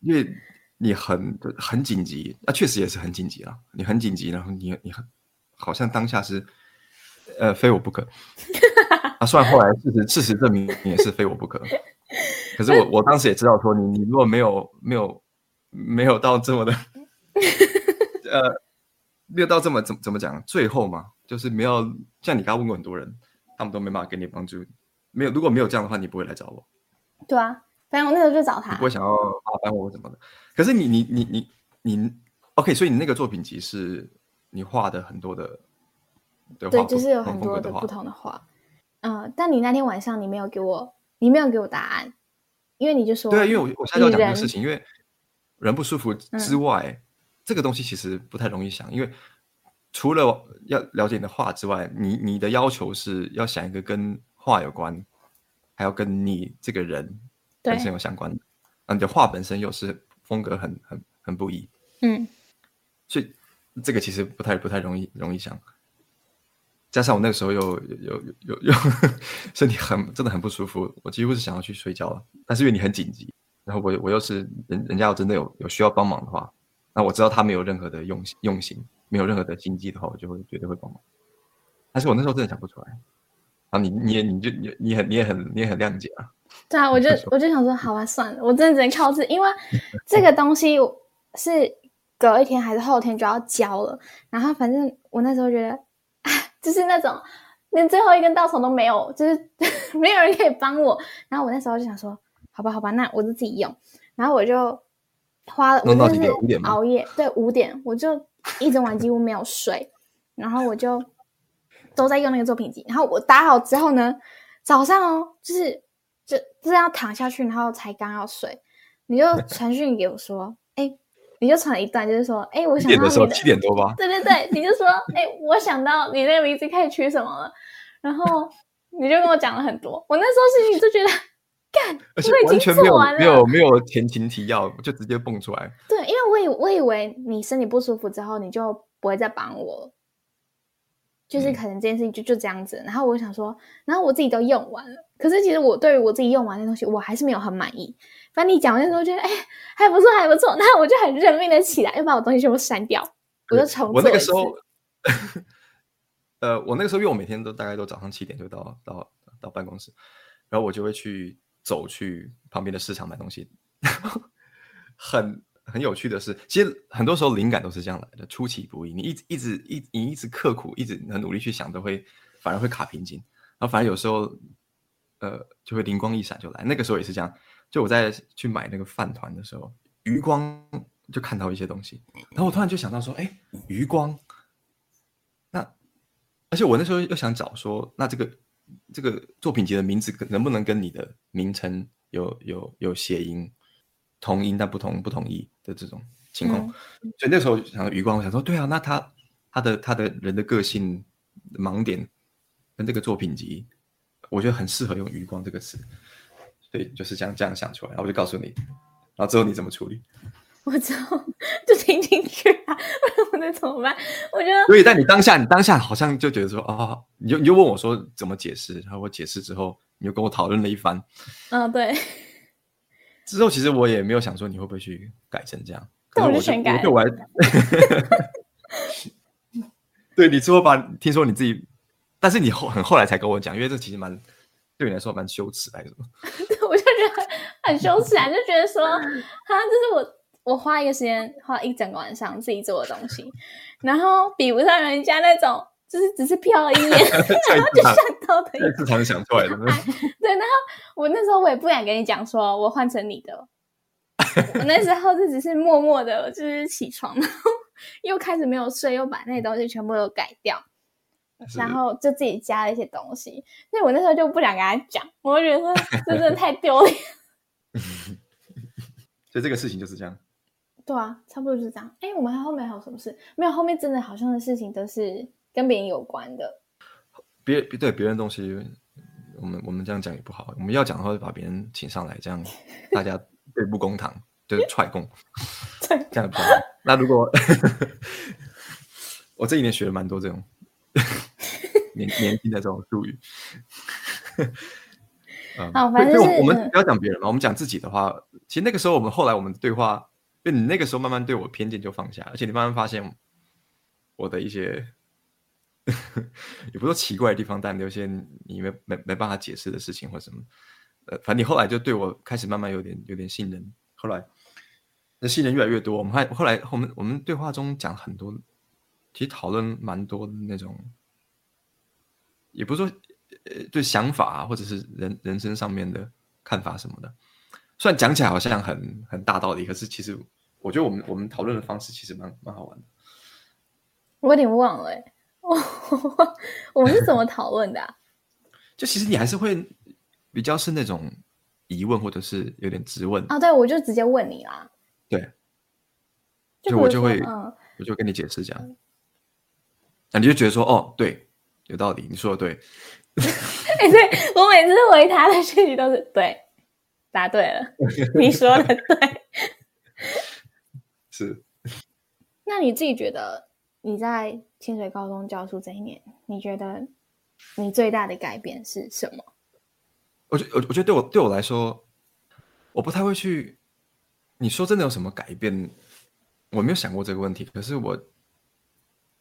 因為你很很緊急啊，確實也是很緊急了，你很緊急，然後你你很好像當下是呃非我不可。啊，算後來事實事實證明你也是非我不可， 可是我我當時也知道說你你如果沒有沒有沒有到這麼的 呃沒有到這麼怎怎麼講最後嗎？就是沒有像你剛剛問過很多人，他們都沒辦法給你幫助。沒有，如果沒有這樣的話，你不會來找我。對啊，反正我那時候就找他。不會想要麻煩、啊、我什麼的。可是你你你你你，OK？所以你那個作品集是你畫的很多的對，對，就是有很多的不同的話、的話。嗯，但你那天晚上你沒有給我，你沒有給我答案，因為你就說，對，因為我我現在要講這個事情，因為人不舒服之外，嗯，這個東西其實不太容易想，因為。除了要了解你的畫之外，你你的要求是要想一個跟畫有關，還要跟你這個人本身有相關的。啊，你的畫本身又是風格很很很不一，嗯，所以這個其實不太不太容易容易想。加上我那個時候又又又又身體很真的很不舒服，我幾乎是想要去睡覺了。但是因為你很緊急，然後我我又是人人家要真的有有需要幫忙的話，那我知道他沒有任何的用用心。沒有任何的心機的話，我就會絕對會幫忙。但是我那時候真的想不出來啊！你你也你就你你很你也很你也很諒解啊。對啊，就我就我就想說好吧、啊，算了，我真的只能靠自己，因為這個東西是隔一天還是後天就要交了。 然後反正我那時候覺得啊，就是那種連最後一根稻草都沒有，就是 沒有人可以幫我。然後我那時候就想說好吧，好吧，那我就自己用。然後我就。花了，弄到幾點？我真的是熬夜，五點嗎？對，五點，我就一整晚幾乎沒有睡，然後我就都在用那個作品集。然後我打好之後呢，早上哦，就是就這樣躺下去，然後才剛要睡，你就傳訊給我說，哎、 欸，你就傳了一段，就是說，哎、欸，我想到你的，點的時候七點多吧，對對對，你就說，哎、欸，我想到你那個名字可以取什麼了。然後你就跟我講了很多， 我那時候心裡就覺得。幹，我而已經做完了沒有 沒有沒有前情提要，就直接蹦出來。對，因為我以我以為你身體不舒服之後，你就不會再幫我了，就是可能這件事情就、嗯、就這樣子。然後我想說，然後我自己都用完了。可是其實我對於我自己用完那東西，我還是沒有很滿意。反正你講完之後，我覺得哎還不錯，還不錯。然後我就很認命的起來，又把我東西全部刪掉，嗯、我就重，我那個時候， 呃，我那個時候因為我每天都大概都早上七點就到 到到，到辦公室，然後我就會去。走去旁邊的市場買東西， 然後很很有趣的是，其實很多時候靈感都是這樣來的，出其不意。你一直一直一你一直刻苦，一直很努力去想，都會反而會卡瓶頸，然後反而有時候呃就會靈光一閃就來。那個時候也是這樣，就我在去買那個飯糰的時候，餘光就看到一些東西，然後我突然就想到說，哎、欸，餘光，那而且我那時候又想找說，那這個。這個作品集的名字能不能跟你的名稱有有有諧音、同音但不同、不同義的這種情況？嗯、所以那時候想到餘光，我想說，對啊，那他他的他的人的個性盲點跟這個作品集，我覺得很適合用“餘光”這個詞，對，就是這樣這樣想出來。然後我就告訴你，然後之後你怎麼處理？我操，就聽進去啦、啊！我那怎麼辦？我覺得所以但你當下，你當下好像就覺得說，哦，你就你就問我說怎麼解釋，然後我解釋之後，你就跟我討論了一番。嗯、哦，對。之後其實我也沒有想說你會不會去改成這樣，但我完全改。對，我還。 對，你之後把聽說你自己，但是你後很後來才跟我講，因為這其實蠻對你來說蠻羞恥的，還是什麼？對，我就覺得很，很羞恥啊，就覺得說，哈，這是我。我花一個時間，花一整個晚上自己做的東西， 然後比不上人家那種，就是只是瞟了一眼， 然，然後就想到的。太正想出來的。 啊、對，然後我那時候我也不敢跟你講說，說我換成你的。 我那時候就只是默默的，就是起床，然後又開始沒有睡，又把那些東西全部都改掉，然後就自己加了一些東西。所以我那時候就不想跟他講，我就覺得說 這真的太丟臉。 所以這個事情就是這樣。對啊，差不多就是這樣。哎，我們還後面還有什麼事？沒有，後面真的好像的事情都是跟別人有關的。別別對別人的東西，我們我們這樣講也不好。我們要講的話，就把別人請上來，這樣大家對簿公堂， 對踹共， 這樣也不好。那如果 我這一年學了蠻多這種年 年輕的這種術語，好，反正我，我們不要講別人了，我們講自己的話。其實那個時候，我們後來我們的對話。你那個時候慢慢對我偏見就放下，而且你慢慢發現我的一些，呵呵，也不說奇怪的地方，但有些你沒沒沒辦法解釋的事情或什麼，呃，反正你後來就對我開始慢慢有點有點信任。後來那信任越來越多，我們還後來我們我們對話中講很多，其實討論蠻多的那種，也不是說呃對想法啊，或者是人人生上面的看法什麼的，雖然講起來好像很很大道理，可是其實。我覺得我們我們討論的方式其實蠻蠻好玩的。我有點忘了、欸，哎， 我們是怎麼討論的、啊？ 就其實你還是會比較是那種疑問，或者是有點質問啊、哦？對，我就直接問你啦。對，就我就會，就我，我就跟你解釋講。那、哦、你就覺得說，哦，對，有道理，你說的對。哎、 欸，對我每次回他的訊息都是對，答對了， 你說的對。 是，那你自己覺得你在清水高中教書這一年，你覺得你最大的改變是什麼？我覺得，我我覺得對我對我來說，我不太會去你說真的有什麼改變，我沒有想過這個問題。可是我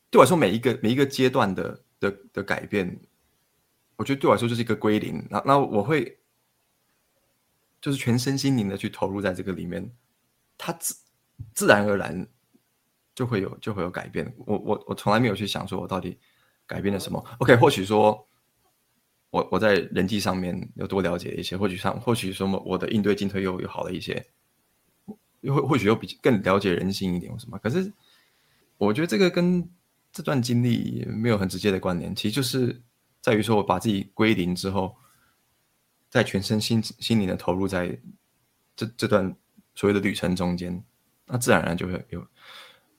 對我來說，每一個每一個階段的的的改變，我覺得對我來說就是一個歸零。那那我會就是全身心靈的去投入在這個裡面，他自。自然而然就會有就會有改變。我我我從來沒有去想說我到底改變了什麼。OK，或許說我，我我在人際上面又多了解一些，或許上或許什麼我的應對進退又又好了一些，又會或許又比更了解人性一點或什麼。可是我覺得這個跟這段經歷沒有很直接的關聯，其實就是在於說我把自己歸零之後，在全身心心靈的投入在這這段所謂的旅程中間。那自然而然就會有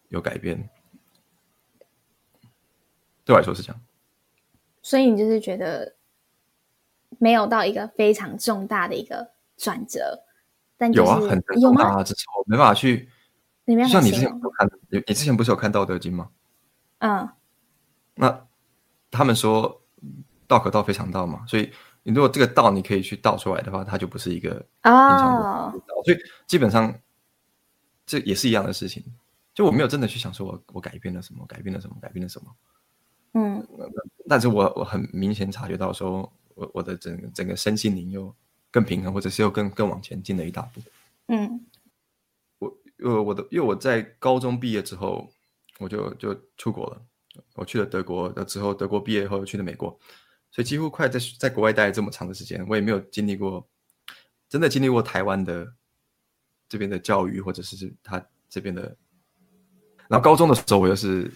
有改變，對我來說是這樣。所以你就是覺得沒有到一個非常重大的一個轉折，但、就是、有啊，很重大啊，有嗎？只是我沒辦法去。你像你之前看，你之前不是有看到《道德經》嗎？嗯，那他們說“道可道，非常道”嘛，所以你如果這個道你可以去道出來的話，它就不是一個平常的道。哦，所以基本上。這也是一樣的事情，就我沒有真的去想說我，我我改變了什麼，改變了什麼，改變了什麼，嗯，但是我我很明顯察覺到，說我我的整個整個身心靈又更平衡，或者是又更更往前進了一大步，嗯，我呃我的因為我在高中畢業之後，我就就出國了，我去了德國，那之後德國畢業以後又去了美國，所以幾乎快在在國外待了這麼長的時間，我也沒有經歷過，真的經歷過台灣的。這邊的教育，或者是他這邊的，然後高中的時候，我又是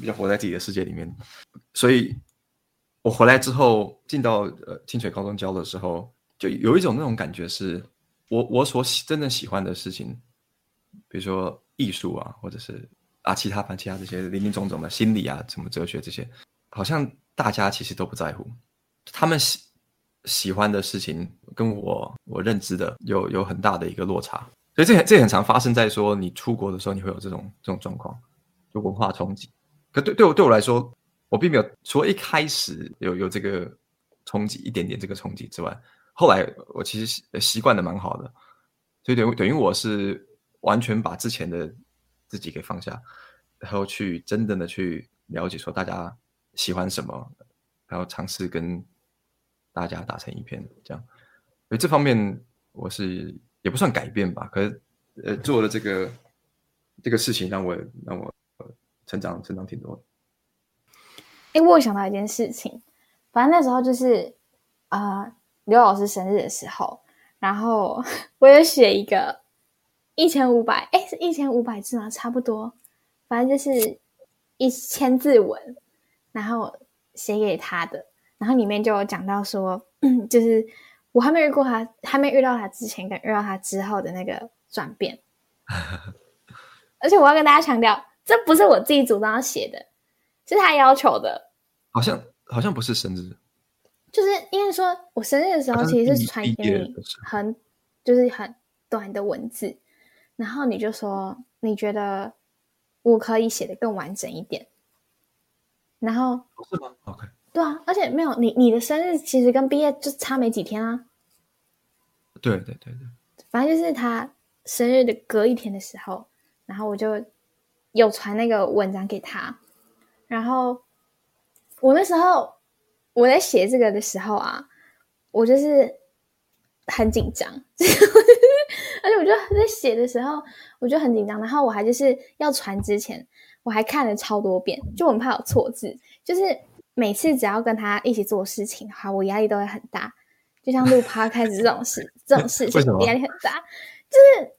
比較活在自己的世界裡面，所以我回來之後進到呃清水高中教的時候，就有一種那種感覺是，我我所喜真正喜歡的事情，比如說藝術啊，或者是啊其他反正其他這些林林總總的心理啊，什麼哲學這些，好像大家其實都不在乎，他們喜喜歡的事情跟我我認知的有有很大的一個落差。所以這這很常發生在說，你出國的時候，你會有這種這種狀況，就文化衝擊。可對對我對我來說，我並沒有除了一開始有有這個衝擊一點點這個衝擊之外，後來我其實習慣的蠻好的，所以等於等於我是完全把之前的自己給放下，然後去真正的去了解說大家喜歡什麼，然後嘗試跟大家打成一片這樣。所以這方面我是。也不算改變吧，可是，呃，做了這個這個事情，讓我讓我成長成長挺多的。哎、欸，我想到一件事情，反正那時候就是啊，劉、呃、老師生日的時候，然後我也寫一個一千五百哎，一千五百字嘛，差不多，反正就是一千字文，然後寫給他的，然後裡面就有講到說，就是。我還沒遇過他，還沒遇到他之前跟遇到他之後的那個轉變， 而且我要跟大家強調，這不是我自己主張寫的，是他要求的。好像好像不是生日，就是因為說我生日的時候其實是傳給你很，是、就是、很就是很短的文字，然後你就說你覺得我可以寫的更完整一點，然後是嗎？OK。對啊，而且沒有你，你的生日其實跟畢業就差沒幾天啊。對對對對，反正就是他生日的隔一天的時候，然後我就有傳那個文章給他。然後我那時候我在寫這個的時候啊，我就是很緊張， 而且我就在寫的時候我就很緊張。然後我還就是要傳之前，我還看了超多遍，嗯、就很怕有錯字，就是。每次只要跟他一起做事情的話，我壓力都會很大。就像路趴開始這種事， 這種事情，壓力很大？就是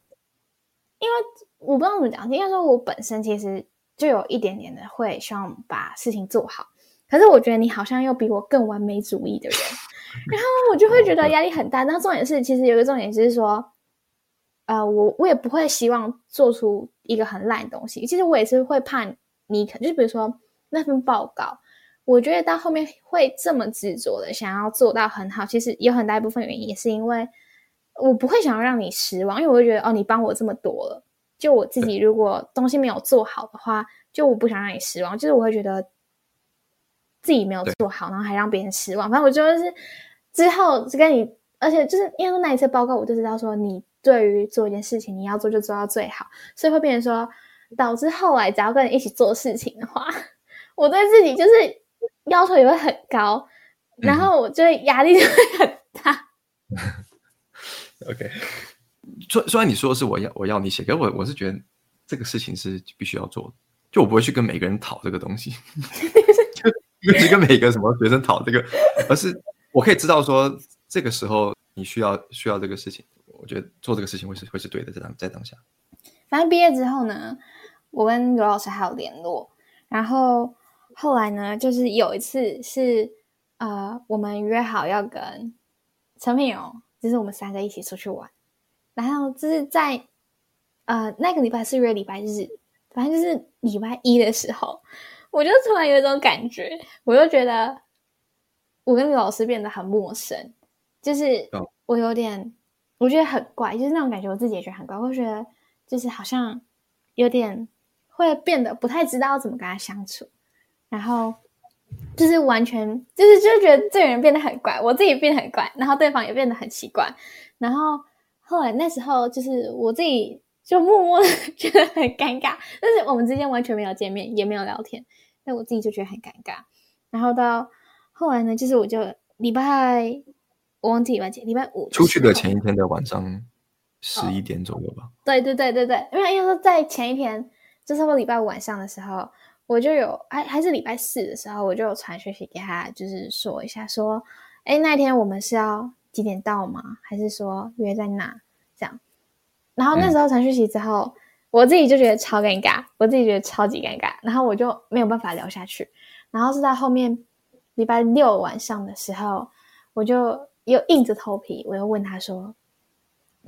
因為我不知道怎麼講，應該說，我本身其實就有一點點的會希望把事情做好。可是我覺得你好像又比我更完美主義的人， 然後我就會覺得壓力很大。但重點是，其實有一個重點就是說，呃，我我也不會希望做出一個很爛的東西。其實我也是會怕你，可就是，比如說那份報告。我覺得到後面會這麼執着的想要做到很好，其實有很大一部分原因也是因為我不會想要讓你失望，因為我會覺得哦，你幫我這麼多了，就我自己如果東西沒有做好的話，就我不想讓你失望，就是我會覺得自己沒有做好，然後還讓別人失望。反正我就是之後跟你，而且就是因為那一次報告，我就知道說你對於做一件事情，你要做就做到最好，所以會變成說導致後來只要跟你一起做事情的話，我對自己就是。要求也會很高，然後我就會壓力就會很大。OK，雖雖然你說的是我要我要你寫，可是我我是覺得這個事情是必須要做的，就我不會去跟每個人討這個東西， 就是跟每個什麼學生討這個， 而是我可以知道說這個時候你需要需要這個事情，我覺得做這個事情會是會是對的，在當在當下。反正畢業之後呢，我跟劉老師還有聯絡，然後。後來呢，就是有一次是，呃，我們約好要跟陳品勇，就是我們三個一起出去玩，然後就是在，呃，那個禮拜是約禮拜日，反正就是禮拜一的時候，我就突然有一種感覺，我就覺得我跟李老師變得很陌生，就是我有點，我覺得很怪，就是那種感覺，我自己也覺得很怪，我覺得就是好像有點會變得不太知道怎麼跟他相處。然後就是完全就是就覺得這個人變得很怪，我自己變得很怪，然後對方也變得很奇怪。然後後來那時候就是我自己就默默的覺得很尷尬，但是我們之間完全沒有見面，也沒有聊天，那我自己就覺得很尷尬。然後到後來呢，就是我就禮拜我忘記禮拜幾，禮拜五出去的前一天的晚上十一點左右吧，哦，對對對對對，因為因為說在前一天就是我禮拜五晚上的時候。我就有，還還是禮拜四的時候，我就有傳訊息給他，就是說一下，說，哎，那天我們是要幾點到嗎？還是說約在哪？這樣。然後那時候傳訊息之後、嗯，我自己就覺得超尷尬，我自己覺得超級尷尬，然後我就沒有辦法聊下去。然後是在後面禮拜六晚上的時候，我就又硬着頭皮，我又問他說，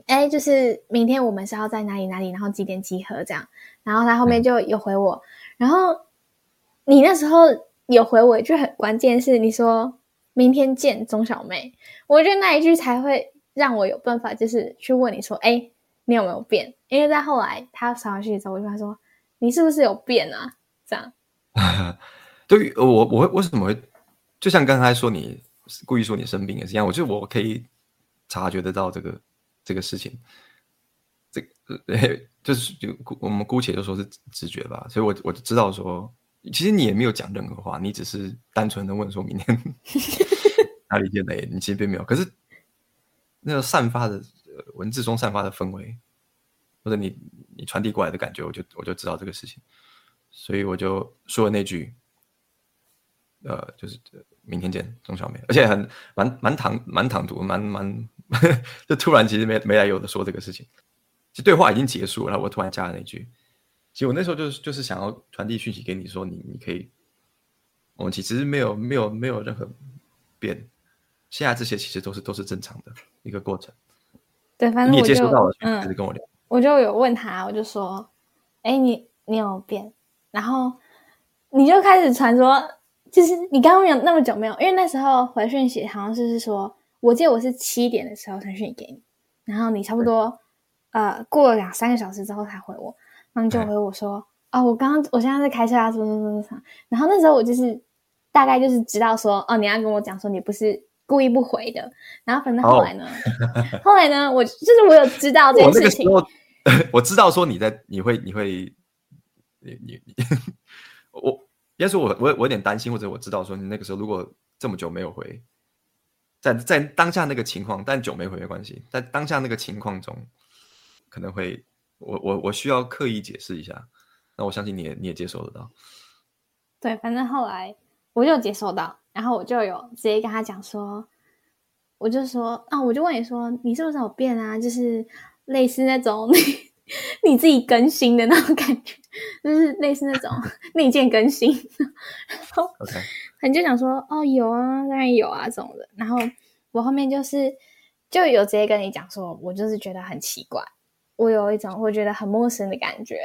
哎，就是明天我們是要在哪裡哪裡，然後幾點集合這樣？然後他後面就有回我，嗯、然後，你那時候有回我一句很關鍵，是你說明天見鍾小妹，我覺得那一句才會讓我有辦法，就是去問你說，哎、欸，你有沒有變？因為在後來他發消息的時候，我就說，你是不是有變啊？這樣， 對，我我我怎麼會？就像剛才說你，你故意說你生病也是一樣，我覺得我可以察覺得到這個這個事情，這個 就是就我們姑且就說是直覺吧，所以我我就知道說。其實你也沒有講任何話，你只是單純的問說明天哪裡見面， 你其實並沒有。可是那種散發的文字中散發的氛圍，或者你你傳遞過來的感覺，我就我就知道這個事情，所以我就說了那句，呃，就是明天見，鍾小梅。而且很蠻蠻唐蠻唐突，蠻蠻，蠻呵呵就突然其實沒沒來由的說這個事情，就對話已經結束了，然後我突然加了那句。其實我那時候就是就是想要傳遞訊息給你，說你你可以，我們其實沒有沒有沒有任何變，現在這些其實都是都是正常的一個過程。對，反正你也接收到了，嗯，開始跟我聊，嗯，我就有問他，我就說，哎，你你有變？然後你就開始傳說，就是你剛剛沒有那麼久沒有，因為那時候回訊息好像是是說，我記得我是七點的時候傳訊息給你，然後你差不多呃過了兩三個小時之後才回我。他、嗯、就回我說：“啊、哎哦，我剛剛，我現在在開車啊，什麼什麼什麼什麼。什麼”然後那時候我就是大概就是知道說：“哦，你要跟我講說你不是故意不回的。”然後反正後來呢，哦、 後來呢，我就是我有知道這件事情。我，我知道說你在你會你會你你我應該說，我說我我有點擔心，或者我知道說你那個時候如果這麼久沒有回，在在當下那個情況，但久沒回沒關係。在當下那個情況中，可能會。我我我需要刻意解釋一下，那我相信你也你也接受得到。對，反正後來我就接受到，然後我就有直接跟他講說，我就說啊、哦，我就問你說，你是不是有變啊？就是類似那種你你自己更新的那種感覺，就是類似那種內建更新。然後 OK，你就想說，哦，有啊，當然有啊這種的。然後我後面就是就有直接跟你講說，我就是覺得很奇怪。我有一種會覺得很陌生的感覺，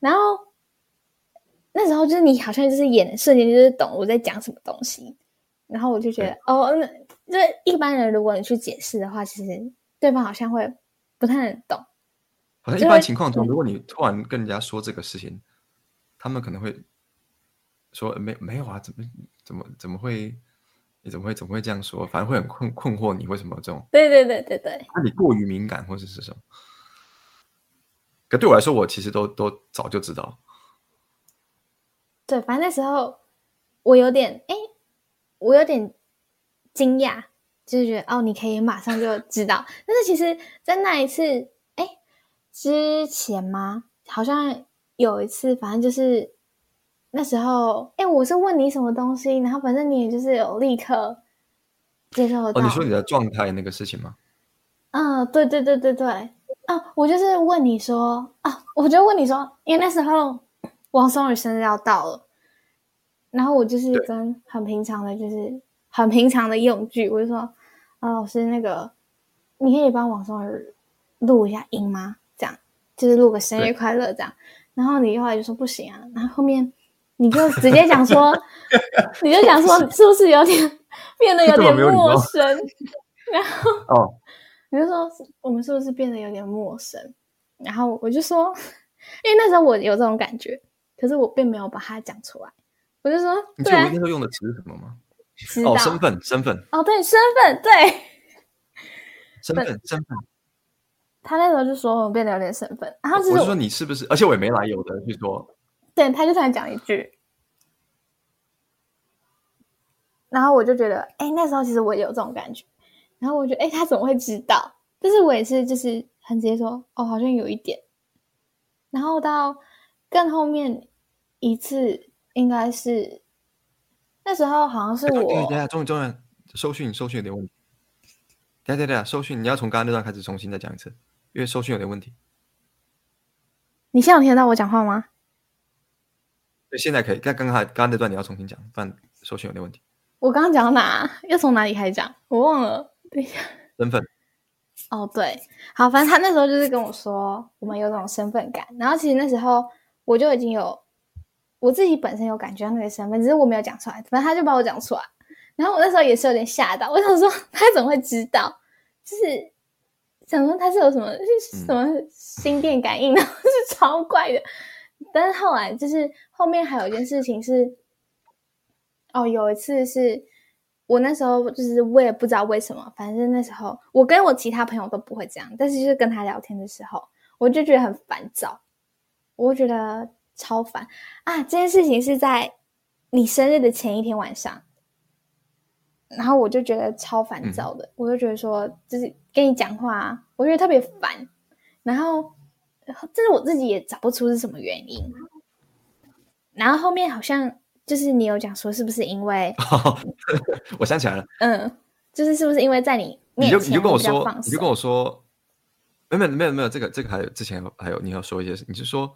然後那時候就是你好像就是演瞬間就是懂我在講什麼東西，然後我就覺得哦，那那、就是、一般人如果你去解釋的話，其實對方好像會不太能懂。好像一般情況中，如果你突然跟人家說這個事情，他們可能會說沒沒有啊，怎麼怎麼怎麼會你怎麼會怎麼會這樣說？反正會很困困惑你為什麼這種？對對對對對，那你過於敏感或者是，是什麼？可對我來說，我其實都都早就知道。對，反正那時候我有點哎，我有點驚訝，就是覺得哦，你可以馬上就知道。 但是其實，在那一次哎之前嗎？好像有一次，反正就是那時候哎，我是問你什麼東西，然後反正你也就是有立刻接受到。哦，你說你的狀態那個事情嗎？嗯，對對對對對。啊，我就是問你說啊，我就問你說，因為那時候王松兒生日要到了，然後我就是跟很平常的，就是很平常的用句，我就說啊，老師那個，你可以幫王松兒錄一下音嗎？這樣就是錄個生日快樂這樣。然後你後來就說不行啊，然後後面你就直接講說， 你就想說是不是有點 變得有點陌生，然後哦。你就說我們是不是變得有點陌生？然後我就說，因為那時候我有這種感覺，可是我並沒有把它講出來。我就說，對啊、你知道我那時候用的詞是什麼嗎？哦，身份，身份。哦，對，身份，對，身份，身份。他那時候就說我們變得有點身份，然後就是我，我，我就說你是不是？而且我也沒來由的去說。對，他就突然講一句，然後我就覺得，哎，那時候其實我也有這種感覺。然後我覺得，哎、欸，他怎麼會知道？但是我也是，就是很直接說，哦，好像有一點。然後到更後面一次，應該是那時候，好像是我。對，哎，等一下，終於終於收訊，收訊有點問題。對對對，收訊，你要從剛剛那段開始重新再講一次，因為收訊有點問題。你現在有聽得到我講話嗎？對，現在可以。但剛剛剛剛那段你要重新講，不然收訊有點問題。我剛剛講到哪？又從哪裡開始講？我忘了。對呀，身份。哦，對，好，反正他那時候就是跟我說，我們有這種身份感。然後其實那時候我就已經有我自己本身有感覺到那個身份，只是我沒有講出來。反正他就把我講出來。然後我那時候也是有點嚇到，我想說他怎麼會知道？就是想說他是有什麼是、嗯、什麼心電感應，然後是超怪的。但是後來就是後面還有一件事情是，哦，有一次是。我那時候就是我也不知道為什麼，反正那時候我跟我其他朋友都不會這樣，但是就是跟他聊天的時候，我就覺得很煩躁，我就覺得超煩啊！這件事情是在你生日的前一天晚上，然後我就覺得超煩躁的，嗯、我就覺得說就是跟你講話，我覺得特別煩，然後這是我自己也找不出是什麼原因，然後後面好像。就是你有講說，是不是因為？ 我想起來了，嗯，就是是不是因為在你你就你就跟我說，你就跟我說，沒有沒有沒有，這個這個還有之前還有你要說一些事，你就說，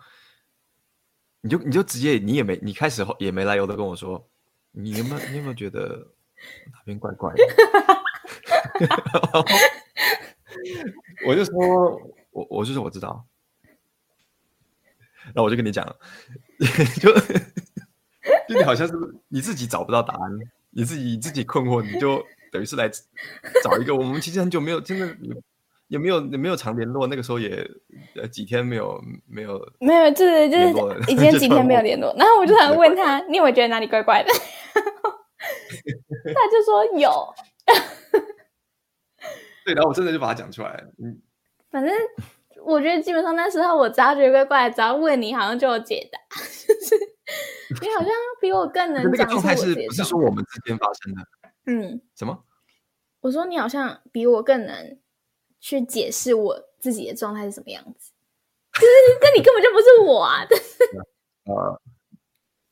你就你就直接你也沒你開始也沒來由的跟我說，你有沒有你有沒有覺得 哪邊怪怪的？ 我就說，我我就說我知道，那我就跟你講了， 就。 就你好像是你自己找不到答案，你自己你自己困惑，你就等於是來找一個。 我們其實很久沒有真的也沒有，也沒有，也沒有常聯絡，那個時候也呃幾天沒有沒有沒有，就是就是已經幾天沒有聯絡。 然後我就想問他，乖乖你有沒有覺得哪裡怪怪的？ 他就說有。 對，然後我真的就把他講出來。嗯，反正我覺得基本上那時候我只要覺得怪怪，只要問你，好像就有解答。 你好像比我更能講。不是說我們之間發生的？嗯，什麼？我說你好像比我更能去解釋我自己的狀態是什麼樣子。就是，那你根本就不是我啊、 嗯！啊、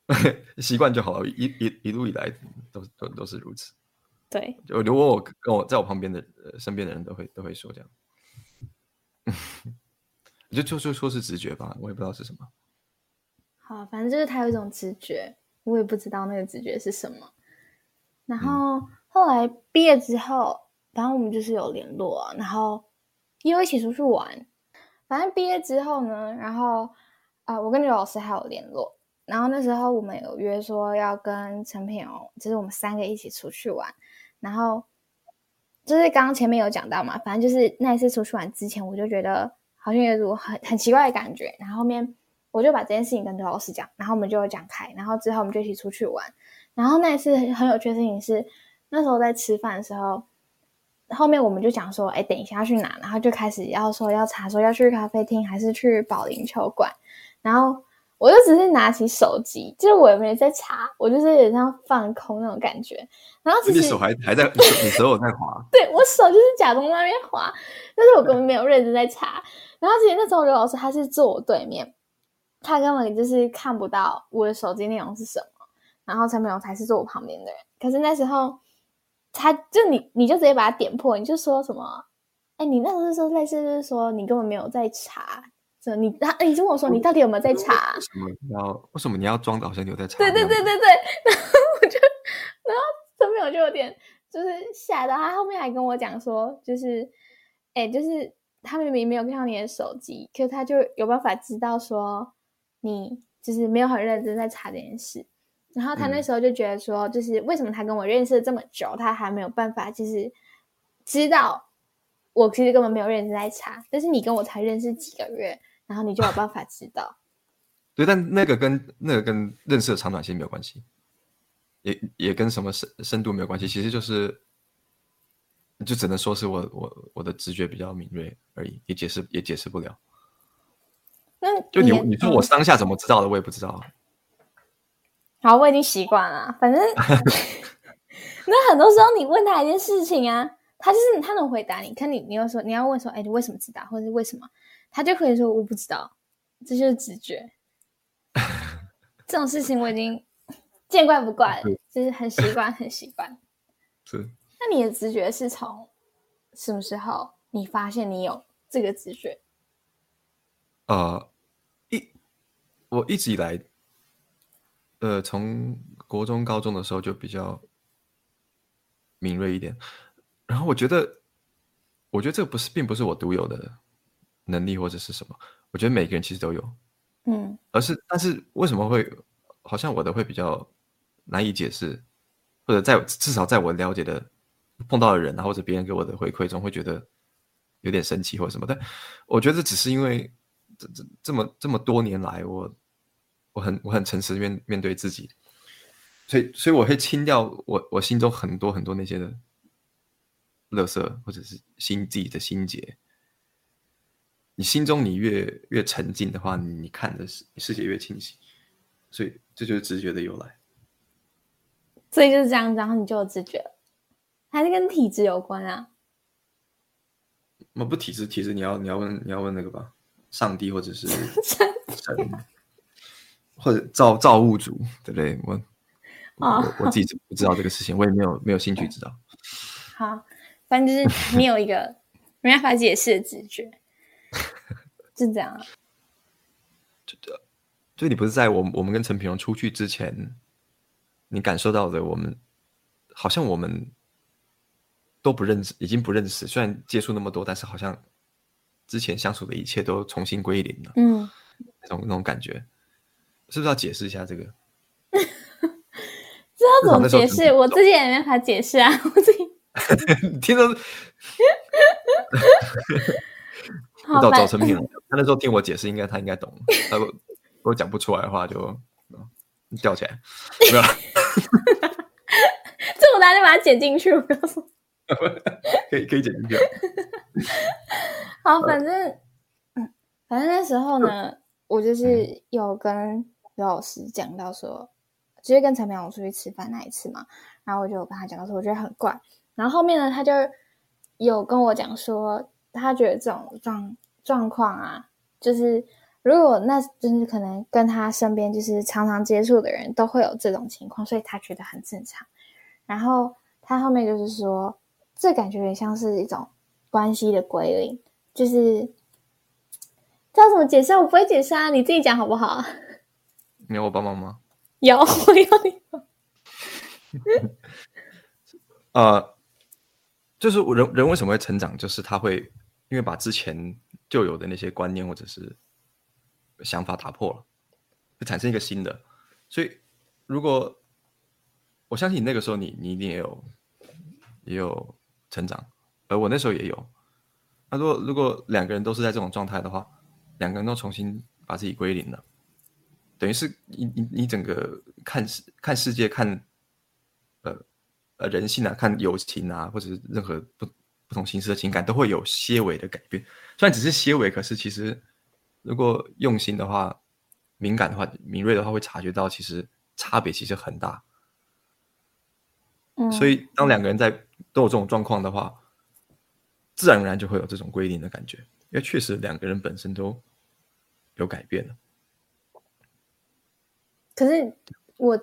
嗯，習、嗯、慣就好了。一一一路以來都都，都是如此。對，就如果我跟我在我旁邊的、呃、身邊的人都會都會說這樣。你 就就就說是直覺吧，我也不知道是什麼。啊，反正就是他有一種直覺，我也不知道那個直覺是什麼。然後後來畢業之後，反正我們就是有聯絡、啊，然後又一起出去玩。反正畢業之後呢，然後啊、呃，我跟劉老師還有聯絡。然後那時候我們有約說要跟陳品哦，就是我們三個一起出去玩。然後就是剛剛前面有講到嘛，反正就是那一次出去玩之前，我就覺得好像也有種很很奇怪的感覺。然後後面。我就把這件事情跟劉老師講，然後我們就講開，然後之後我們就一起出去玩。然後那一次很有趣的事情是，那時候在吃飯的時候，後面我們就講說，哎，等一下要去哪？然後就開始要說要查，說要去咖啡廳還是去保齡球館。然後我就只是拿起手機，其實我也沒在查，我就是有點像放空那種感覺。然後自己手還還在，你手我在滑？ 對，我手就是假裝在那邊滑，但是我根本沒有認真在查。 然後其實那時候劉老師他是坐我對面。他根本就是看不到我的手機內容是什麼，然後陳美榮才是坐我旁邊的人。可是那時候，他就你你就直接把他點破，你就說什麼？哎，你那時候是說類似就是說你根本沒有在查，就你他哎，你就跟我說你到底有沒有在查？什麼然後？為什麼你要裝得好像有在查？對，對對對對對。然後我就，然後陳美榮就有點就是嚇到，他後面還跟我講說，就是哎，就是他明明沒有看到你的手機，可是他就有辦法知道說。你就是沒有很認真在查這件事，然後他那時候就覺得說，就是為什麼他跟我認識這麼久，嗯，他還沒有辦法，就是知道我其實根本沒有認真在查，但是你跟我才認識幾個月，然後你就有辦法知道。對，但那個跟那個跟認識的長短，其實沒有關係，也也跟什麼深深度沒有關係，其實就是就只能說是我我我的直覺比較敏銳而已，也解釋也解釋不了。那你就你，你說我當下怎麼知道的，我也不知道。好，我已經習慣了，反正 那很多時候你問他一件事情啊，他就是他能回答你，看你你又說你要問說，哎、欸，你為什麼知道，或者是為什麼？他就可以說我不知道，這就是直覺。 這種事情我已經見怪不怪了， 就是很習慣，很習慣。是。那你的直覺是從什麼時候你發現你有這個直覺？呃、uh,，一，我一直以來，呃，從國中、高中的時候就比較敏銳一點，然後我覺得，我覺得這不是，並不是我獨有的能力或者是什麼，我覺得每個人其實都有，嗯，而是，但是為什麼會好像我的會比較難以解釋，或者在至少在我了解的碰到的人啊，或者別人給我的回饋中，會覺得有點神奇或什麼，但我覺得這只是因為。這這這麼這麼多年來，我我很我很誠實面面對自己，所以所以我會清掉我我心中很多很多那些的垃圾或者是心自己的心結。你心中你越越沉靜的話，你你看的世世界越清晰，所以這就是直覺的由來。所以就是這樣子，然後你就有直覺。還是跟體質有關啊？我不體質體質，你要你要問你要問那個吧。上帝，或者是神，或者造造物主， 對不對？我，我我自己不知道這個事情，oh. 我也沒有沒有興趣知道。好，反正就是你有一個 沒辦法解釋的直覺，就 這樣就。就，就你不是在我們我們跟陳平榮出去之前，你感受到的，我們好像我們都不認識，已經不認識，雖然接觸那麼多，但是好像。之前相處的一切都重新歸零了，嗯，那種那種感覺，是不是要解釋一下這個？這 怎麼解釋我自己也沒法解釋啊，我自己 聽到哈成品他那時候聽我解釋，應該他應該懂，他如果講不出來的話就，就吊起來，有沒有， 這麼大就把它剪進去，我告訴你 可以可以剪一個。 好，反正，反正那時候呢，嗯、我就是有跟劉老師講到說，直、嗯、接跟陳明我出去吃飯那一次嘛，然後我就有跟他講到說，我覺得很怪。然後後面呢，他就有跟我講說，他覺得這種狀狀況啊，就是如果那，就是可能跟他身邊就是常常接觸的人都會有這種情況，所以他覺得很正常。然後他後面就是說。這感覺也像是一種關係的歸零，就是這要怎麼解釋？我不會解釋啊，你自己講好不好？你要我幫忙嗎？有，我、啊、有。有 呃、就是人，人為什麼會成長？就是他會因為把之前舊有的那些觀念或者是想法打破了，就產生一個新的。所以，如果我相信你那個時候你，你你一定也有也有，成長，而我那時候也有。他說：“如果兩個人都是在這種狀態的話，兩個人都重新把自己歸零了，等於是你你你整個看世看世界看，呃呃人性啊，看友情啊，或者是任何不不同形式的情感，都會有些微的改變。雖然只是些微，可是其實如果用心的話，敏感的話，敏銳的話，會察覺到其實差別其實很大。所以當兩個人在、嗯……嗯都有這種狀況的話，自然而然就會有這種規定的感覺，因為確實兩個人本身都有改變了。可是我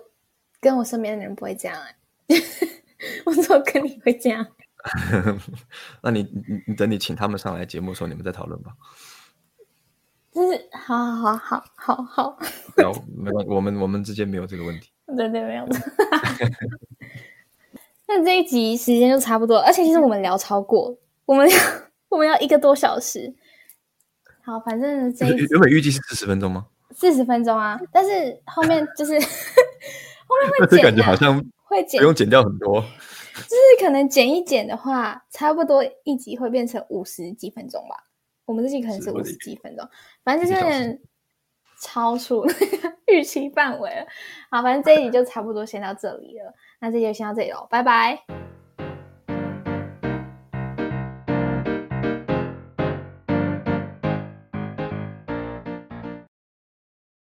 跟我身邊的人不會這樣，欸、 我怎麼跟你會這樣。 那你你等你請他們上來節目的時候，你們再討論吧。嗯，好好好好好好。 我們我們之間沒有這個問題。對對對。沒有 那這一集時間就差不多，而且其實我們聊超過，嗯、我們要我們要一個多小時。好，反正這原本預計是四十分鐘嗎？四十分鐘啊，但是後面就是 後面會剪，感覺好像會不用剪掉很多，就是可能剪一剪的話，差不多一集會變成五十幾分鐘吧。我們這集可能是五十幾分鐘，反正這些人超出預 期範圍了。好，反正這一集就差不多先到這裡了。 那這就先到這裡嘍，拜拜。